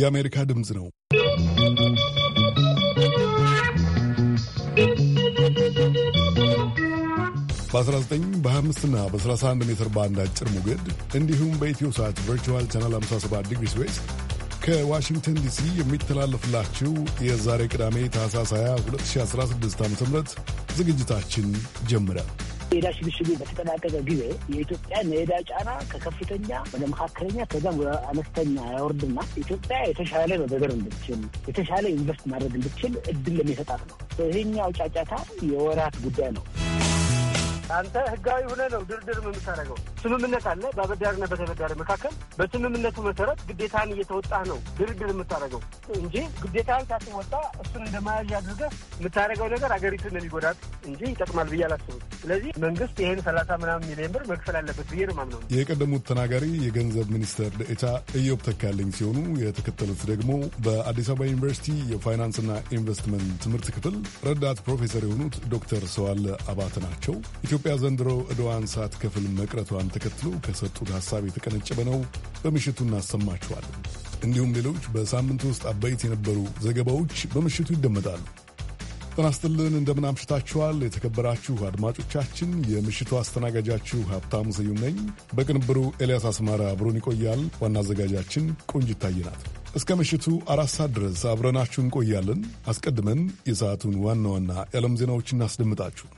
የአሜሪካ ድምፅ ነው። በ19 በ25 እና በ31 ሜትር ባንድ አጭር ሞገድ እንዲሁም በኢትዮ ሰዓት ቨርቹዋል ቻናል 57 ዲግሪ ስዌስት ከዋሽንግተን ዲሲ የሚተላለፍላችሁ የዛሬ ቅዳሜ ታህሳስ 20 2016 ዓ ም ዝግጅታችን ጀምረ የዕዳ ሽግሽጉ በተጠናቀቀ ጊዜ የኢትዮጵያን የዕዳ ጫና ከከፍተኛ ወደ መካከለኛ ከዛም ወደ አነስተኛ ያወርድና ኢትዮጵያ የተሻለ መበደር እንድችል የተሻለ ኢንቨስት ማድረግ እንድችል እድል የሚሰጣት ነው። ይሄኛው ጫጫታ የወራት ጉዳይ ነው። አንተ ህጋዊ ሆነ ነው ድርድር የምታደርገው። ስምምነት አለ በአበዳሪና በተበዳሪ መካከል። በስምምነቱ መሰረት ግዴታን እየተወጣ ነው ድርድር የምታደርገው እንጂ ግዴታን ሳትወጣ እሱን እንደ መያዣ አድርገህ የምታደርገው ነገር አገሪቱን የሚጎዳት እንጂ ይጠቅማል ብዬ አላስብም። ስለዚህ መንግስት ይህን ሰላሳ ምናምን ሚሊዮን ብር መክፈል አለበት ብዬ ነው የማምነው። የቀደሙት ተናጋሪ የገንዘብ ሚኒስተር ደኤታ ኢዮብ ተካልኝ ሲሆኑ የተከተሉት ደግሞ በአዲስ አበባ ዩኒቨርሲቲ የፋይናንስና ኢንቨስትመንት ትምህርት ክፍል ረዳት ፕሮፌሰር የሆኑት ዶክተር ሰዋለ አባተ ናቸው። ኢትዮጵያ ዘንድሮ እድዋን ሰዓት ክፍል መቅረቷን ተከትሎ ከሰጡት ሐሳብ የተቀነጨበ ነው። በምሽቱ እናሰማችኋለን። እንዲሁም ሌሎች በሳምንት ውስጥ አበይት የነበሩ ዘገባዎች በምሽቱ ይደመጣሉ። ጤና ይስጥልን፣ እንደምናምሽታችኋል። የተከበራችሁ አድማጮቻችን፣ የምሽቱ አስተናጋጃችሁ ሀብታሙ ስዩም ነኝ። በቅንብሩ ኤልያስ አስማራ አብሮን ይቆያል። ዋና አዘጋጃችን ቆንጅት ታየ እስከ ምሽቱ አራት ሰዓት ድረስ አብረናችሁ እንቆያለን። አስቀድመን የሰዓቱን ዋና ዋና የዓለም ዜናዎች እናስደምጣችሁ።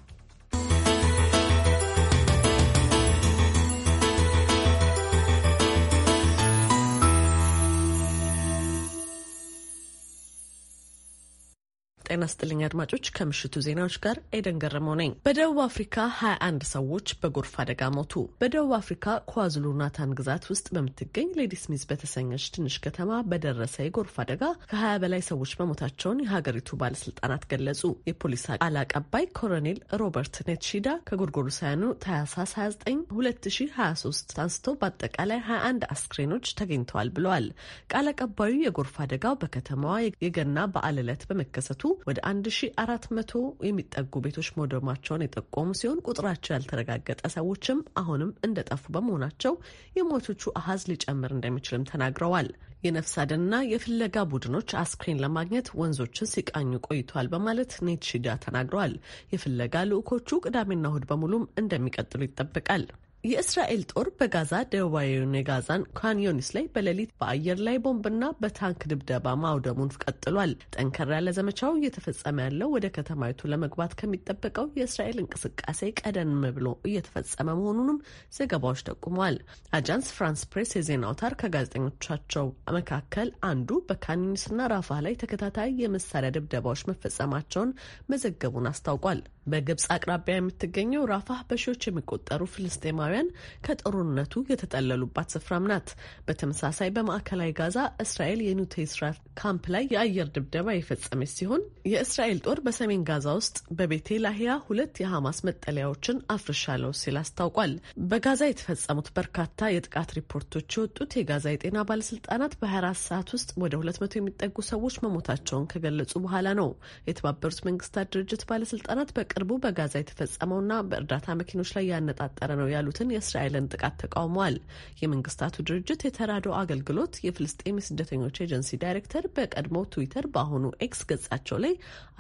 ጤና ስጥልኝ አድማጮች፣ ከምሽቱ ዜናዎች ጋር ኤደን ገረመው ነኝ። በደቡብ አፍሪካ 21 ሰዎች በጎርፍ አደጋ ሞቱ። በደቡብ አፍሪካ ኳዝሉ ናታን ግዛት ውስጥ በምትገኝ ሌዲስሚዝ በተሰኘች ትንሽ ከተማ በደረሰ የጎርፍ አደጋ ከ20 በላይ ሰዎች መሞታቸውን የሀገሪቱ ባለስልጣናት ገለጹ። የፖሊስ ቃል አቀባይ ኮሎኔል ሮበርት ኔትሺዳ ከጎርጎሮሳውያኑ ታህሳስ 29 2023 አንስቶ በአጠቃላይ 21 አስክሬኖች ተገኝተዋል ብለዋል። ቃል አቀባዩ የጎርፍ አደጋው በከተማዋ የገና በዓል ዕለት በመከሰቱ ወደ 1400 የሚጠጉ ቤቶች መውደማቸውን የጠቆሙ ሲሆን ቁጥራቸው ያልተረጋገጠ ሰዎችም አሁንም እንደጠፉ በመሆናቸው የሞቶቹ አሀዝ ሊጨምር እንደሚችልም ተናግረዋል። የነፍስ አድንና የፍለጋ ቡድኖች አስክሬን ለማግኘት ወንዞችን ሲቃኙ ቆይተዋል በማለት ኔትሺዳ ተናግረዋል። የፍለጋ ልዑኮቹ ቅዳሜና እሁድ በሙሉም እንደሚቀጥሉ ይጠበቃል። የእስራኤል ጦር በጋዛ ደቡባዊውን የጋዛን ካንዮኒስ ላይ በሌሊት በአየር ላይ ቦምብና በታንክ ድብደባ ማውደሙን ቀጥሏል። ጠንከር ያለ ዘመቻው እየተፈጸመ ያለው ወደ ከተማይቱ ለመግባት ከሚጠበቀው የእስራኤል እንቅስቃሴ ቀደም ብሎ እየተፈጸመ መሆኑንም ዘገባዎች ጠቁመዋል። አጃንስ ፍራንስ ፕሬስ የዜና አውታር ከጋዜጠኞቻቸው መካከል አንዱ በካንዮኒስና ራፋ ላይ ተከታታይ የመሳሪያ ድብደባዎች መፈጸማቸውን መዘገቡን አስታውቋል። በግብፅ አቅራቢያ የምትገኘው ራፋህ በሺዎች የሚቆጠሩ ፍልስጤማውያን ከጦርነቱ የተጠለሉባት ስፍራም ናት። በተመሳሳይ በማዕከላዊ ጋዛ እስራኤል የኑቴስራ ካምፕ ላይ የአየር ድብደባ የፈጸመች ሲሆን የእስራኤል ጦር በሰሜን ጋዛ ውስጥ በቤቴ ላሂያ ሁለት የሐማስ መጠለያዎችን አፍርሻለሁ ሲል አስታውቋል። በጋዛ የተፈጸሙት በርካታ የጥቃት ሪፖርቶች የወጡት የጋዛ የጤና ባለስልጣናት በ24 ሰዓት ውስጥ ወደ 200 የሚጠጉ ሰዎች መሞታቸውን ከገለጹ በኋላ ነው። የተባበሩት መንግስታት ድርጅት ባለስልጣናት በቅ በቅርቡ በጋዛ የተፈጸመውና በእርዳታ መኪኖች ላይ ያነጣጠረ ነው ያሉትን የእስራኤልን ጥቃት ተቃውመዋል። የመንግስታቱ ድርጅት የተራድኦ አገልግሎት የፍልስጤም የስደተኞች ኤጀንሲ ዳይሬክተር በቀድሞ ትዊተር በአሁኑ ኤክስ ገጻቸው ላይ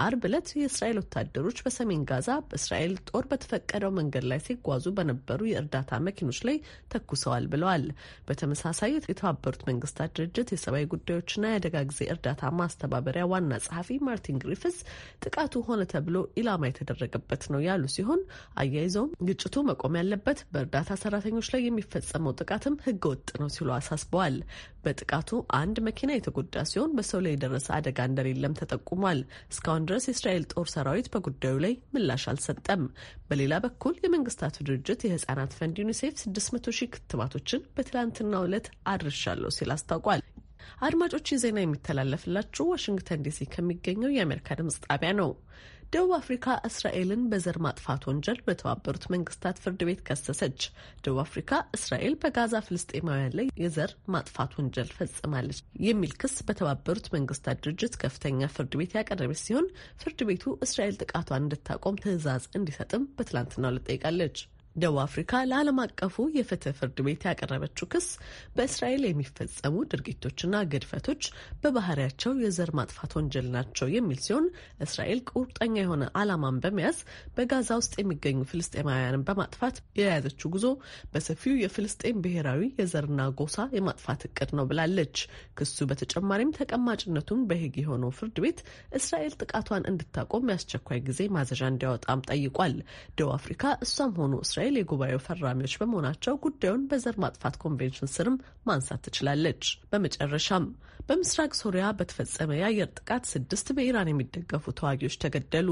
አርብ ዕለት የእስራኤል ወታደሮች በሰሜን ጋዛ በእስራኤል ጦር በተፈቀደው መንገድ ላይ ሲጓዙ በነበሩ የእርዳታ መኪኖች ላይ ተኩሰዋል ብለዋል። በተመሳሳይ የተባበሩት መንግስታት ድርጅት የሰብአዊ ጉዳዮችና የአደጋ ጊዜ እርዳታ ማስተባበሪያ ዋና ጸሐፊ ማርቲን ግሪፍስ ጥቃቱ ሆነ ተብሎ ኢላማ የተደረገ እየተደረገበት ነው ያሉ ሲሆን አያይዘውም ግጭቱ መቆም ያለበት በእርዳታ ሰራተኞች ላይ የሚፈጸመው ጥቃትም ህገ ወጥ ነው ሲሉ አሳስበዋል። በጥቃቱ አንድ መኪና የተጎዳ ሲሆን በሰው ላይ የደረሰ አደጋ እንደሌለም ተጠቁሟል። እስካሁን ድረስ የእስራኤል ጦር ሰራዊት በጉዳዩ ላይ ምላሽ አልሰጠም። በሌላ በኩል የመንግስታቱ ድርጅት የህጻናት ፈንድ ዩኒሴፍ 600 ሺህ ክትባቶችን በትላንትናው ዕለት አድርሻለሁ ሲል አስታውቋል። አድማጮች ዜና የሚተላለፍላችሁ ዋሽንግተን ዲሲ ከሚገኘው የአሜሪካ ድምጽ ጣቢያ ነው። ደቡብ አፍሪካ እስራኤልን በዘር ማጥፋት ወንጀል በተባበሩት መንግስታት ፍርድ ቤት ከሰሰች። ደቡብ አፍሪካ እስራኤል በጋዛ ፍልስጤማውያን ላይ የዘር ማጥፋት ወንጀል ፈጽማለች የሚል ክስ በተባበሩት መንግስታት ድርጅት ከፍተኛ ፍርድ ቤት ያቀረበች ሲሆን ፍርድ ቤቱ እስራኤል ጥቃቷን እንድታቆም ትዕዛዝ እንዲሰጥም በትላንትናው ዕለት ደቡብ አፍሪካ ለዓለም አቀፉ የፍትህ ፍርድ ቤት ያቀረበችው ክስ በእስራኤል የሚፈጸሙ ድርጊቶችና ግድፈቶች በባህሪያቸው የዘር ማጥፋት ወንጀል ናቸው የሚል ሲሆን እስራኤል ቁርጠኛ የሆነ ዓላማን በመያዝ በጋዛ ውስጥ የሚገኙ ፍልስጤማውያንን በማጥፋት የያዘችው ጉዞ በሰፊው የፍልስጤም ብሔራዊ የዘርና ጎሳ የማጥፋት እቅድ ነው ብላለች። ክሱ በተጨማሪም ተቀማጭነቱን በሄግ የሆነው ፍርድ ቤት እስራኤል ጥቃቷን እንድታቆም የአስቸኳይ ጊዜ ማዘዣ እንዲያወጣም ጠይቋል። ደቡብ አፍሪካ እሷም ሆኑ እስራኤል የጉባኤው ፈራሚዎች በመሆናቸው ጉዳዩን በዘር ማጥፋት ኮንቬንሽን ስርም ማንሳት ትችላለች። በመጨረሻም በምስራቅ ሶሪያ በተፈጸመ የአየር ጥቃት ስድስት በኢራን የሚደገፉ ተዋጊዎች ተገደሉ።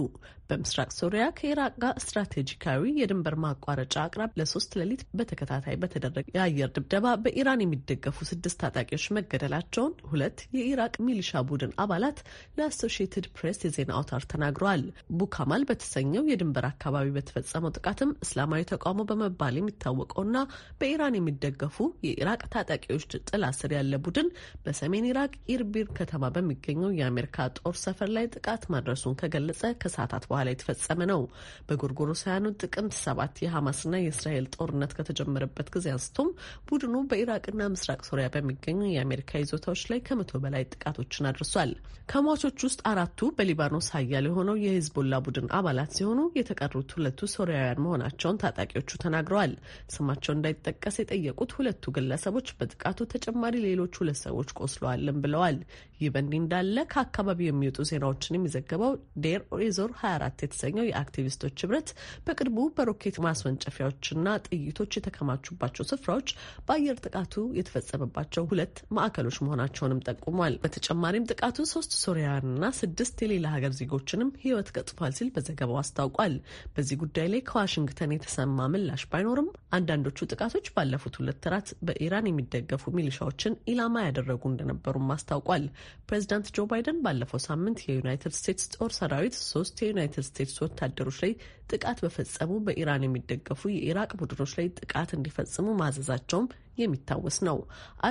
በምስራቅ ሶሪያ ከኢራቅ ጋር ስትራቴጂካዊ የድንበር ማቋረጫ አቅራብ ለሶስት ሌሊት በተከታታይ በተደረገ የአየር ድብደባ በኢራን የሚደገፉ ስድስት ታጣቂዎች መገደላቸውን ሁለት የኢራቅ ሚሊሻ ቡድን አባላት ለአሶሺየትድ ፕሬስ የዜና አውታር ተናግረዋል። ቡካማል በተሰኘው የድንበር አካባቢ በተፈጸመው ጥቃትም እስላማዊ ተቃውሞ በመባል የሚታወቀውና በኢራን የሚደገፉ የኢራቅ ታጣቂዎች ጥላ ስር ያለ ቡድን በሰሜን ኢራቅ ኢርቢር ከተማ በሚገኘው የአሜሪካ ጦር ሰፈር ላይ ጥቃት ማድረሱን ከገለጸ ከሰዓታት በኋላ የተፈጸመ ነው። በጎርጎሮሳውያኑ ጥቅምት ሰባት የሐማስና የእስራኤል ጦርነት ከተጀመረበት ጊዜ አንስቶም ቡድኑ በኢራቅና ምስራቅ ሶሪያ በሚገኙ የአሜሪካ ይዞታዎች ላይ ከመቶ በላይ ጥቃቶችን አድርሷል። ከሟቾች ውስጥ አራቱ በሊባኖስ ሀያል የሆነው የሂዝቦላ ቡድን አባላት ሲሆኑ የተቀሩት ሁለቱ ሶሪያውያን መሆናቸውን ታጣቂ ታጣቂዎቹ ተናግረዋል። ስማቸው እንዳይጠቀስ የጠየቁት ሁለቱ ግለሰቦች በጥቃቱ ተጨማሪ ሌሎች ሁለት ሰዎች ቆስለዋልም ብለዋል። ይህ በእንዲህ እንዳለ ከአካባቢው የሚወጡ ዜናዎችን የሚዘገበው ዴር ኦሪዞር 24 የተሰኘው የአክቲቪስቶች ህብረት በቅርቡ በሮኬት ማስወንጨፊያዎችና ጥይቶች የተከማቹባቸው ስፍራዎች በአየር ጥቃቱ የተፈጸመባቸው ሁለት ማዕከሎች መሆናቸውንም ጠቁሟል። በተጨማሪም ጥቃቱ ሶስት ሶሪያውያንና ስድስት የሌላ ሀገር ዜጎችንም ህይወት ቀጥፏል ሲል በዘገባው አስታውቋል። በዚህ ጉዳይ ላይ ከዋሽንግተን የተሰማ ምላሽ ባይኖርም አንዳንዶቹ ጥቃቶች ባለፉት ሁለት ወራት በኢራን የሚደገፉ ሚሊሻዎችን ኢላማ ያደረጉ እንደነበሩም አስታውቋል። ፕሬዚዳንት ጆ ባይደን ባለፈው ሳምንት የዩናይትድ ስቴትስ ጦር ሰራዊት ሶስት የዩናይትድ ስቴትስ ወታደሮች ላይ ጥቃት በፈጸሙ በኢራን የሚደገፉ የኢራቅ ቡድኖች ላይ ጥቃት እንዲፈጽሙ ማዘዛቸውም የሚታወስ ነው።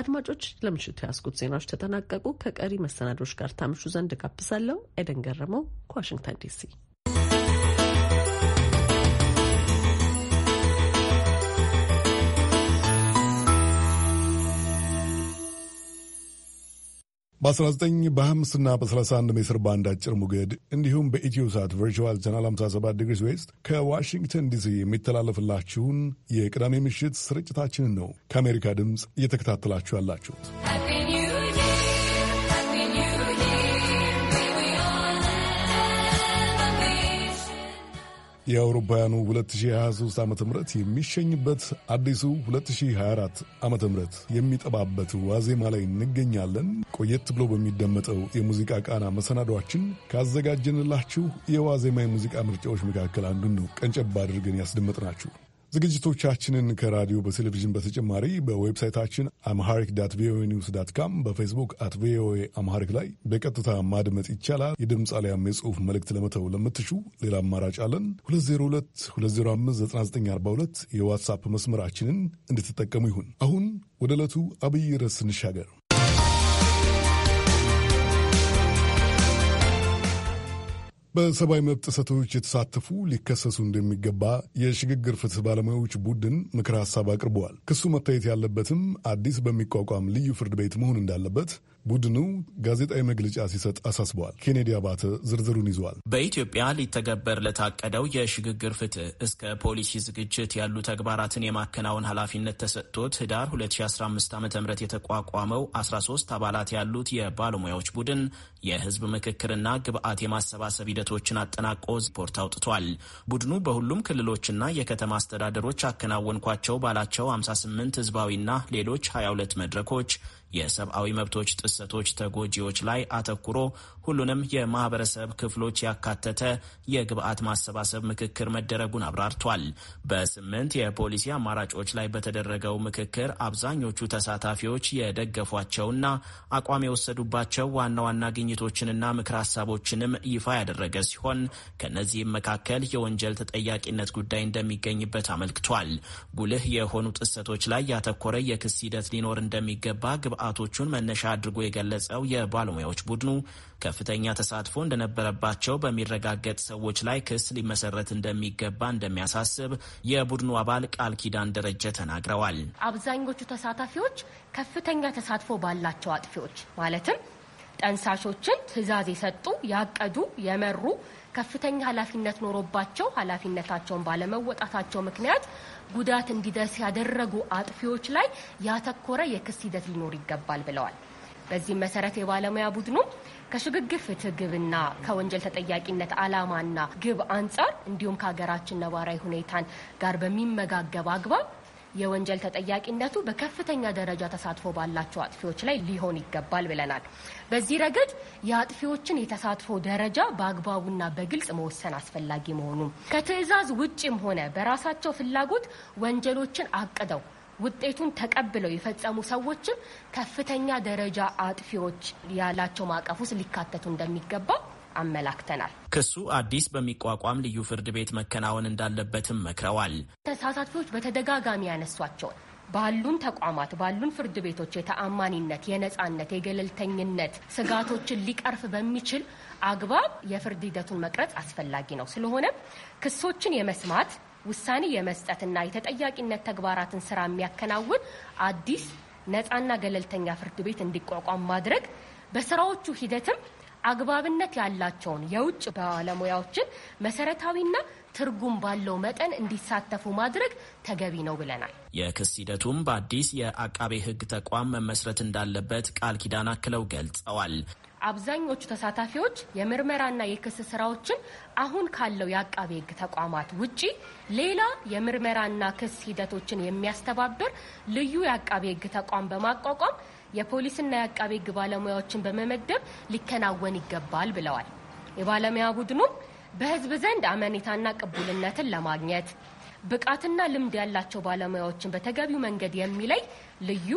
አድማጮች፣ ለምሽቱ የያዝኩት ዜናዎች ተጠናቀቁ። ከቀሪ መሰናዶች ጋር ታምሹ ዘንድ ጋብዛለሁ። ኤደን ገረመው ከዋሽንግተን ዲሲ በ19 በ5 እና በ31 ሜትር ባንድ አጭር ሞገድ እንዲሁም በኢትዮ ሳት ቨርቹዋል ቻናል 57 ዲግሪስ ዌስት ከዋሽንግተን ዲሲ የሚተላለፍላችሁን የቅዳሜ ምሽት ስርጭታችንን ነው ከአሜሪካ ድምፅ እየተከታተላችሁ ያላችሁት። የአውሮፓውያኑ 2023 ዓ ም የሚሸኝበት አዲሱ 2024 ዓ ም የሚጠባበት ዋዜማ ላይ እንገኛለን። ቆየት ብሎ በሚደመጠው የሙዚቃ ቃና መሰናዷችን ካዘጋጀንላችሁ የዋዜማ የሙዚቃ ምርጫዎች መካከል አንዱን ነው ቀንጨባ አድርገን ያስደመጥናችሁ። ዝግጅቶቻችንን ከራዲዮ በቴሌቪዥን በተጨማሪ በዌብሳይታችን አምሃሪክ ዳት ቪኦኤ ኒውስ ዳት ካም በፌስቡክ አት ቪኦኤ አምሃሪክ ላይ በቀጥታ ማድመጥ ይቻላል። የድምፅ አሊያም የጽሁፍ መልእክት ለመተው ለምትሹ ሌላ አማራጭ አለን። 2022059942 የዋትሳፕ መስመራችንን እንድትጠቀሙ ይሁን። አሁን ወደ ዕለቱ አብይ ርዕስ እንሻገር። በሰብአዊ መብት ጥሰቶች የተሳተፉ ሊከሰሱ እንደሚገባ የሽግግር ፍትህ ባለሙያዎች ቡድን ምክር ሀሳብ አቅርበዋል። ክሱ መታየት ያለበትም አዲስ በሚቋቋም ልዩ ፍርድ ቤት መሆን እንዳለበት ቡድኑ ጋዜጣዊ መግለጫ ሲሰጥ አሳስበዋል። ኬኔዲ አባተ ዝርዝሩን ይዘዋል። በኢትዮጵያ ሊተገበር ለታቀደው የሽግግር ፍትህ እስከ ፖሊሲ ዝግጅት ያሉ ተግባራትን የማከናወን ኃላፊነት ተሰጥቶት ህዳር 2015 ዓ ም የተቋቋመው 13 አባላት ያሉት የባለሙያዎች ቡድን የህዝብ ምክክርና ግብአት የማሰባሰብ ሂደቶችን አጠናቆ ሪፖርት አውጥቷል። ቡድኑ በሁሉም ክልሎችና የከተማ አስተዳደሮች አከናወንኳቸው ባላቸው 58 ህዝባዊና ሌሎች 22 መድረኮች የሰብአዊ መብቶች ጥሰቶች ተጎጂዎች ላይ አተኩሮ ሁሉንም የማህበረሰብ ክፍሎች ያካተተ የግብአት ማሰባሰብ ምክክር መደረጉን አብራርቷል። በስምንት የፖሊሲ አማራጮች ላይ በተደረገው ምክክር አብዛኞቹ ተሳታፊዎች የደገፏቸውና አቋም የወሰዱባቸው ዋና ዋና ግኝቶችንና ምክር ሀሳቦችንም ይፋ ያደረገ ሲሆን ከእነዚህም መካከል የወንጀል ተጠያቂነት ጉዳይ እንደሚገኝበት አመልክቷል። ጉልህ የሆኑ ጥሰቶች ላይ ያተኮረ የክስ ሂደት ሊኖር እንደሚገባ ግብ ግብአቶቹን መነሻ አድርጎ የገለጸው የባለሙያዎች ቡድኑ ከፍተኛ ተሳትፎ እንደነበረባቸው በሚረጋገጥ ሰዎች ላይ ክስ ሊመሰረት እንደሚገባ እንደሚያሳስብ የቡድኑ አባል ቃል ኪዳን ደረጀ ተናግረዋል። አብዛኞቹ ተሳታፊዎች ከፍተኛ ተሳትፎ ባላቸው አጥፊዎች ማለትም ጠንሳሾችን ትዕዛዝ የሰጡ፣ ያቀዱ፣ የመሩ ከፍተኛ ኃላፊነት ኖሮባቸው ኃላፊነታቸውን ባለመወጣታቸው ምክንያት ጉዳት እንዲደርስ ያደረጉ አጥፊዎች ላይ ያተኮረ የክስ ሂደት ሊኖር ይገባል ብለዋል። በዚህም መሰረት የባለሙያ ቡድኑ ከሽግግር ፍትህ ግብና ከወንጀል ተጠያቂነት አላማና ግብ አንጻር እንዲሁም ከሀገራችን ነባራዊ ሁኔታን ጋር በሚመጋገብ አግባብ የወንጀል ተጠያቂነቱ በከፍተኛ ደረጃ ተሳትፎ ባላቸው አጥፊዎች ላይ ሊሆን ይገባል ብለናል። በዚህ ረገድ የአጥፊዎችን የተሳትፎ ደረጃ በአግባቡና በግልጽ መወሰን አስፈላጊ መሆኑ ከትዕዛዝ ውጭም ሆነ በራሳቸው ፍላጎት ወንጀሎችን አቅደው ውጤቱን ተቀብለው የፈጸሙ ሰዎችም ከፍተኛ ደረጃ አጥፊዎች ያላቸው ማዕቀፍ ውስጥ ሊካተቱ እንደሚገባ አመላክተናል። ክሱ አዲስ በሚቋቋም ልዩ ፍርድ ቤት መከናወን እንዳለበትም መክረዋል። ተሳታፊዎች በተደጋጋሚ ያነሷቸውን ባሉን ተቋማት ባሉን ፍርድ ቤቶች የተአማኒነት፣ የነጻነት፣ የገለልተኝነት ስጋቶችን ሊቀርፍ በሚችል አግባብ የፍርድ ሂደቱን መቅረጽ አስፈላጊ ነው። ስለሆነ ክሶችን የመስማት ውሳኔ የመስጠትና የተጠያቂነት ተግባራትን ስራ የሚያከናውን አዲስ ነጻና ገለልተኛ ፍርድ ቤት እንዲቋቋም ማድረግ በስራዎቹ ሂደትም አግባብነት ያላቸውን የውጭ ባለሙያዎችን መሰረታዊና ትርጉም ባለው መጠን እንዲሳተፉ ማድረግ ተገቢ ነው ብለናል። የክስ ሂደቱም በአዲስ የአቃቤ ሕግ ተቋም መመስረት እንዳለበት ቃል ኪዳን አክለው ገልጸዋል። አብዛኞቹ ተሳታፊዎች የምርመራና የክስ ስራዎችን አሁን ካለው የአቃቤ ሕግ ተቋማት ውጪ ሌላ የምርመራና ክስ ሂደቶችን የሚያስተባብር ልዩ የአቃቤ ሕግ ተቋም በማቋቋም የፖሊስና የአቃቤ ሕግ ባለሙያዎችን በመመደብ ሊከናወን ይገባል ብለዋል። የባለሙያ ቡድኑም በህዝብ ዘንድ አመኔታና ቅቡልነትን ለማግኘት ብቃትና ልምድ ያላቸው ባለሙያዎችን በተገቢው መንገድ የሚለይ ልዩ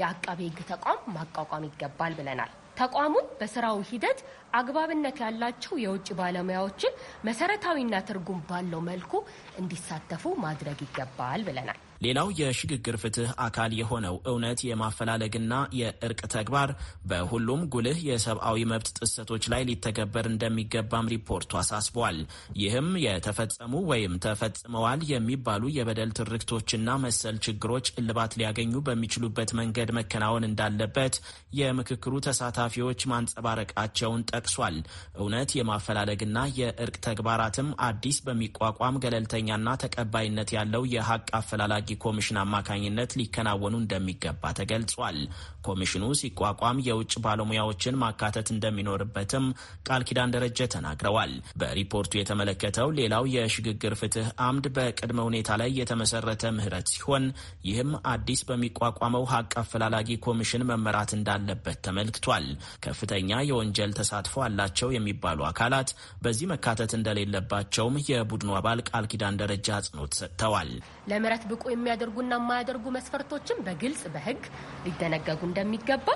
የአቃቤ ሕግ ተቋም ማቋቋም ይገባል ብለናል። ተቋሙ በስራው ሂደት አግባብነት ያላቸው የውጭ ባለሙያዎችን መሰረታዊና ትርጉም ባለው መልኩ እንዲሳተፉ ማድረግ ይገባል ብለናል። ሌላው የሽግግር ፍትህ አካል የሆነው እውነት የማፈላለግና የእርቅ ተግባር በሁሉም ጉልህ የሰብአዊ መብት ጥሰቶች ላይ ሊተገበር እንደሚገባም ሪፖርቱ አሳስቧል። ይህም የተፈጸሙ ወይም ተፈጽመዋል የሚባሉ የበደል ትርክቶችና መሰል ችግሮች እልባት ሊያገኙ በሚችሉበት መንገድ መከናወን እንዳለበት የምክክሩ ተሳታፊዎች ማንጸባረቃቸውን ጠቅሷል። እውነት የማፈላለግና የእርቅ ተግባራትም አዲስ በሚቋቋም ገለልተኛና ተቀባይነት ያለው የሀቅ አፈላላጊ በአስጠባቂ ኮሚሽን አማካኝነት ሊከናወኑ እንደሚገባ ተገልጿል። ኮሚሽኑ ሲቋቋም የውጭ ባለሙያዎችን ማካተት እንደሚኖርበትም ቃል ኪዳን ደረጀ ተናግረዋል። በሪፖርቱ የተመለከተው ሌላው የሽግግር ፍትህ አምድ በቅድመ ሁኔታ ላይ የተመሰረተ ምህረት ሲሆን ይህም አዲስ በሚቋቋመው ሀቅ አፈላላጊ ኮሚሽን መመራት እንዳለበት ተመልክቷል። ከፍተኛ የወንጀል ተሳትፎ አላቸው የሚባሉ አካላት በዚህ መካተት እንደሌለባቸውም የቡድኑ አባል ቃል ኪዳን ደረጃ አጽንኦት ሰጥተዋል። ለምህረት ብቁ የሚያደርጉና የማያደርጉ መስፈርቶችን በግልጽ በህግ ሊደነገጉ እንደሚገባ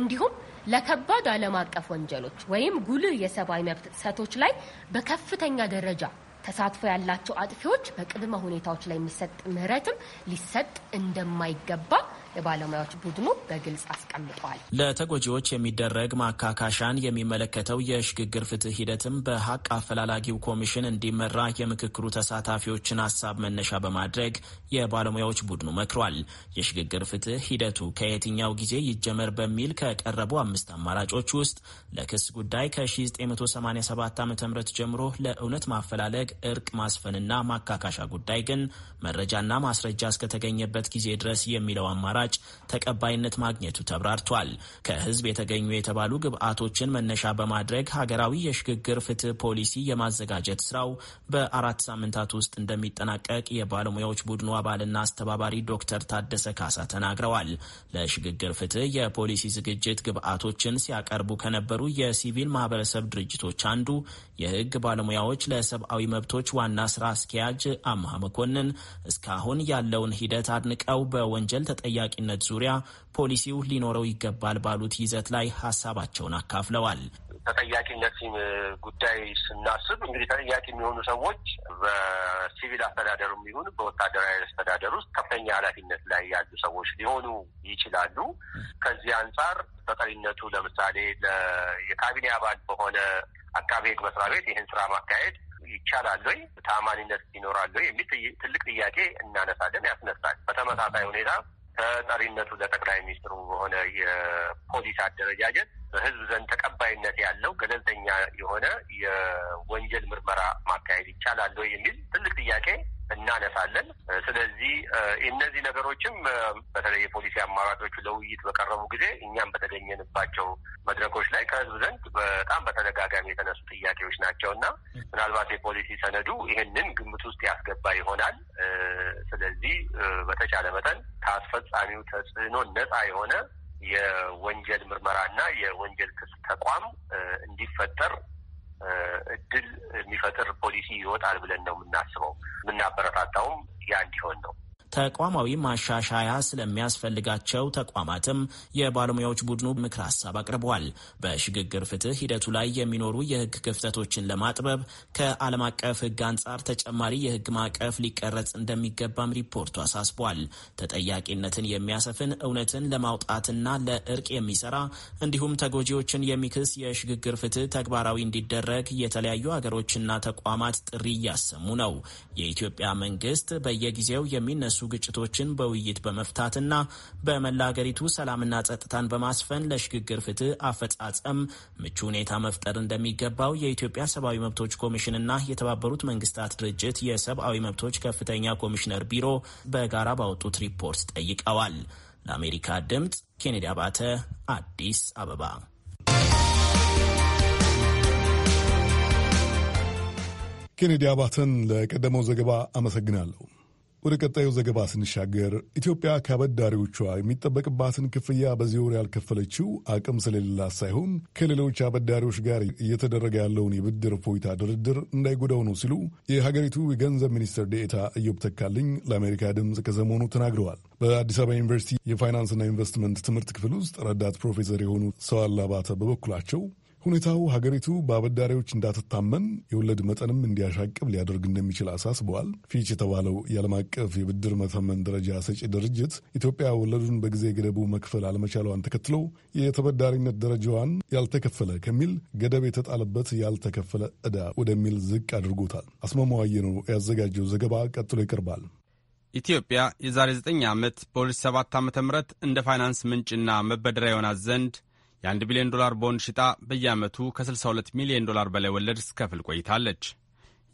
እንዲሁም ለከባድ ዓለም አቀፍ ወንጀሎች ወይም ጉልህ የሰብአዊ መብት ጥሰቶች ላይ በከፍተኛ ደረጃ ተሳትፎ ያላቸው አጥፊዎች በቅድመ ሁኔታዎች ላይ የሚሰጥ ምህረትም ሊሰጥ እንደማይገባ የባለሙያዎች ቡድኑ በግልጽ አስቀምጠዋል። ለተጎጂዎች የሚደረግ ማካካሻን የሚመለከተው የሽግግር ፍትህ ሂደትም በሀቅ አፈላላጊው ኮሚሽን እንዲመራ የምክክሩ ተሳታፊዎችን ሀሳብ መነሻ በማድረግ የባለሙያዎች ቡድኑ መክሯል። የሽግግር ፍትህ ሂደቱ ከየትኛው ጊዜ ይጀመር በሚል ከቀረቡ አምስት አማራጮች ውስጥ ለክስ ጉዳይ ከ1987 ዓ ም ጀምሮ ለእውነት ማፈላለግ እርቅ ማስፈንና ማካካሻ ጉዳይ ግን መረጃና ማስረጃ እስከተገኘበት ጊዜ ድረስ የሚለው አማራጭ አማራጭ ተቀባይነት ማግኘቱ ተብራርቷል። ከህዝብ የተገኙ የተባሉ ግብአቶችን መነሻ በማድረግ ሀገራዊ የሽግግር ፍትህ ፖሊሲ የማዘጋጀት ስራው በአራት ሳምንታት ውስጥ እንደሚጠናቀቅ የባለሙያዎች ቡድኑ አባልና አስተባባሪ ዶክተር ታደሰ ካሳ ተናግረዋል። ለሽግግር ፍትህ የፖሊሲ ዝግጅት ግብአቶችን ሲያቀርቡ ከነበሩ የሲቪል ማህበረሰብ ድርጅቶች አንዱ የህግ ባለሙያዎች ለሰብአዊ መብቶች ዋና ስራ አስኪያጅ አምሃ መኮንን እስካሁን ያለውን ሂደት አድንቀው በወንጀል ተጠያቂ ተጠያቂነት ዙሪያ ፖሊሲው ሊኖረው ይገባል ባሉት ይዘት ላይ ሀሳባቸውን አካፍለዋል። ተጠያቂነት ጉዳይ ስናስብ እንግዲህ ተጠያቂ የሚሆኑ ሰዎች በሲቪል አስተዳደሩ ይሁን በወታደራዊ አስተዳደር ውስጥ ከፍተኛ ኃላፊነት ላይ ያሉ ሰዎች ሊሆኑ ይችላሉ። ከዚህ አንጻር ተጠሪነቱ ለምሳሌ የካቢኔ አባል በሆነ አቃቤ ሕግ መስሪያ ቤት ይህን ስራ ማካሄድ ይቻላል ወይ? ታማኒነት ይኖራል ወይ? የሚል ትልቅ ጥያቄ እናነሳለን፣ ያስነሳል። በተመሳሳይ ሁኔታ ተጠሪነቱ ለጠቅላይ ሚኒስትሩ በሆነ የፖሊስ አደረጃጀት በህዝብ ዘንድ ተቀባይነት ያለው ገለልተኛ የሆነ የወንጀል ምርመራ ማካሄድ ይቻላል ወይ የሚል ትልቅ ጥያቄ እናነሳለን። ስለዚህ እነዚህ ነገሮችም በተለይ የፖሊሲ አማራጮቹ ለውይይት በቀረቡ ጊዜ እኛም በተገኘንባቸው መድረኮች ላይ ከህዝብ ዘንድ በጣም በተደጋጋሚ የተነሱ ጥያቄዎች ናቸው እና ምናልባት የፖሊሲ ሰነዱ ይህንን ግምት ውስጥ ያስገባ ይሆናል። ስለዚህ በተቻለ መጠን ከአስፈጻሚው ተጽዕኖ ነፃ የሆነ የወንጀል ምርመራና የወንጀል ክስ ተቋም እንዲፈጠር እድል የሚፈጥር ፖሊሲ ይወጣል ብለን ነው የምናስበው። የምናበረታታውም ያ እንዲሆን ነው። ተቋማዊ ማሻሻያ ስለሚያስፈልጋቸው ተቋማትም የባለሙያዎች ቡድኑ ምክር ሀሳብ አቅርበዋል። በሽግግር ፍትህ ሂደቱ ላይ የሚኖሩ የህግ ክፍተቶችን ለማጥበብ ከዓለም አቀፍ ህግ አንጻር ተጨማሪ የህግ ማዕቀፍ ሊቀረጽ እንደሚገባም ሪፖርቱ አሳስቧል። ተጠያቂነትን የሚያሰፍን እውነትን ለማውጣትና ለእርቅ የሚሰራ እንዲሁም ተጎጂዎችን የሚክስ የሽግግር ፍትህ ተግባራዊ እንዲደረግ የተለያዩ ሀገሮችና ተቋማት ጥሪ እያሰሙ ነው። የኢትዮጵያ መንግስት በየጊዜው የሚነሱ የሚነሱ ግጭቶችን በውይይት በመፍታትና በመላ ሰላምና ጸጥታን በማስፈን ለሽግግር ፍትህ አፈጻጸም ምቹ ሁኔታ መፍጠር እንደሚገባው የኢትዮጵያ ሰብአዊ መብቶች ኮሚሽንና የተባበሩት መንግስታት ድርጅት የሰብአዊ መብቶች ከፍተኛ ኮሚሽነር ቢሮ በጋራ ባወጡት ሪፖርት ጠይቀዋል። ለአሜሪካ ድምፅ ኬኔዲ አባተ አዲስ አበባ። ኬኔዲ አባተን ለቀደመው ዘገባ አመሰግናለሁ። ወደ ቀጣዩ ዘገባ ስንሻገር ኢትዮጵያ ከአበዳሪዎቿ የሚጠበቅባትን ክፍያ በዚህ ወር ያልከፈለችው አቅም ስለሌላት ሳይሆን ከሌሎች አበዳሪዎች ጋር እየተደረገ ያለውን የብድር ፎይታ ድርድር እንዳይጎዳው ነው ሲሉ የሀገሪቱ የገንዘብ ሚኒስትር ዴኤታ እዮብ ተካልኝ ለአሜሪካ ድምፅ ከሰሞኑ ተናግረዋል። በአዲስ አበባ ዩኒቨርሲቲ የፋይናንስና ኢንቨስትመንት ትምህርት ክፍል ውስጥ ረዳት ፕሮፌሰር የሆኑ ሰዋላ ባተ በበኩላቸው ሁኔታው ሀገሪቱ በአበዳሪዎች እንዳትታመን የወለድ መጠንም እንዲያሻቅብ ሊያደርግ እንደሚችል አሳስበዋል። ፊች የተባለው የዓለም አቀፍ የብድር መተመን ደረጃ ሰጪ ድርጅት ኢትዮጵያ ወለዱን በጊዜ ገደቡ መክፈል አለመቻሏን ተከትሎ የተበዳሪነት ደረጃዋን ያልተከፈለ ከሚል ገደብ የተጣለበት ያልተከፈለ ዕዳ ወደሚል ዝቅ አድርጎታል። አስማማዋየ ነው ያዘጋጀው ዘገባ ቀጥሎ ይቀርባል። ኢትዮጵያ የዛሬ 9 ዓመት በ2007 ዓ ም እንደ ፋይናንስ ምንጭና መበደሪያ ይሆናት ዘንድ የአንድ ቢሊዮን ዶላር ቦንድ ሽጣ በየዓመቱ ከ62 ሚሊዮን ዶላር በላይ ወለድ ስትከፍል ቆይታለች።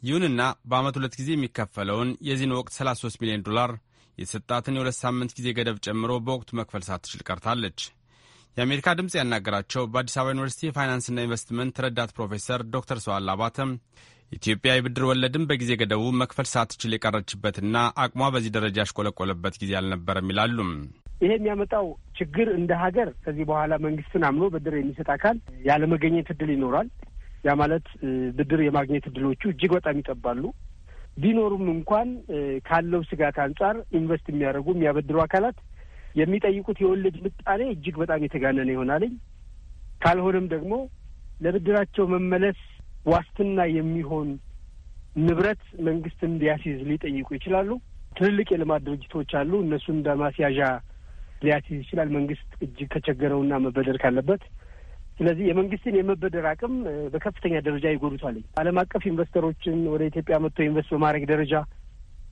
ይሁንና በዓመት ሁለት ጊዜ የሚከፈለውን የዚህን ወቅት 33 ሚሊዮን ዶላር የተሰጣትን የሁለት ሳምንት ጊዜ ገደብ ጨምሮ በወቅቱ መክፈል ሳትችል ቀርታለች። የአሜሪካ ድምፅ ያናገራቸው በአዲስ አበባ ዩኒቨርሲቲ የፋይናንስና ኢንቨስትመንት ረዳት ፕሮፌሰር ዶክተር ሰዋላ አባተም ኢትዮጵያ የብድር ወለድን በጊዜ ገደቡ መክፈል ሳትችል የቀረችበትና አቅሟ በዚህ ደረጃ ያሽቆለቆለበት ጊዜ አልነበረም ይላሉም። ይሄ የሚያመጣው ችግር እንደ ሀገር ከዚህ በኋላ መንግስትን አምኖ ብድር የሚሰጥ አካል ያለመገኘት እድል ይኖራል። ያ ማለት ብድር የማግኘት እድሎቹ እጅግ በጣም ይጠባሉ። ቢኖሩም እንኳን ካለው ስጋት አንጻር ኢንቨስት የሚያደርጉ የሚያበድሩ አካላት የሚጠይቁት የወለድ ምጣኔ እጅግ በጣም የተጋነነ ይሆናልኝ። ካልሆነም ደግሞ ለብድራቸው መመለስ ዋስትና የሚሆን ንብረት መንግስት እንዲያስይዝ ሊጠይቁ ይችላሉ። ትልልቅ የልማት ድርጅቶች አሉ። እነሱን እንደ ማስያዣ ሊያስይዝ ይችላል። መንግስት እጅግ ከቸገረውና መበደር ካለበት ስለዚህ የመንግስትን የመበደር አቅም በከፍተኛ ደረጃ ይጎዱታል። ዓለም አቀፍ ኢንቨስተሮችን ወደ ኢትዮጵያ መጥቶ ኢንቨስት በማድረግ ደረጃ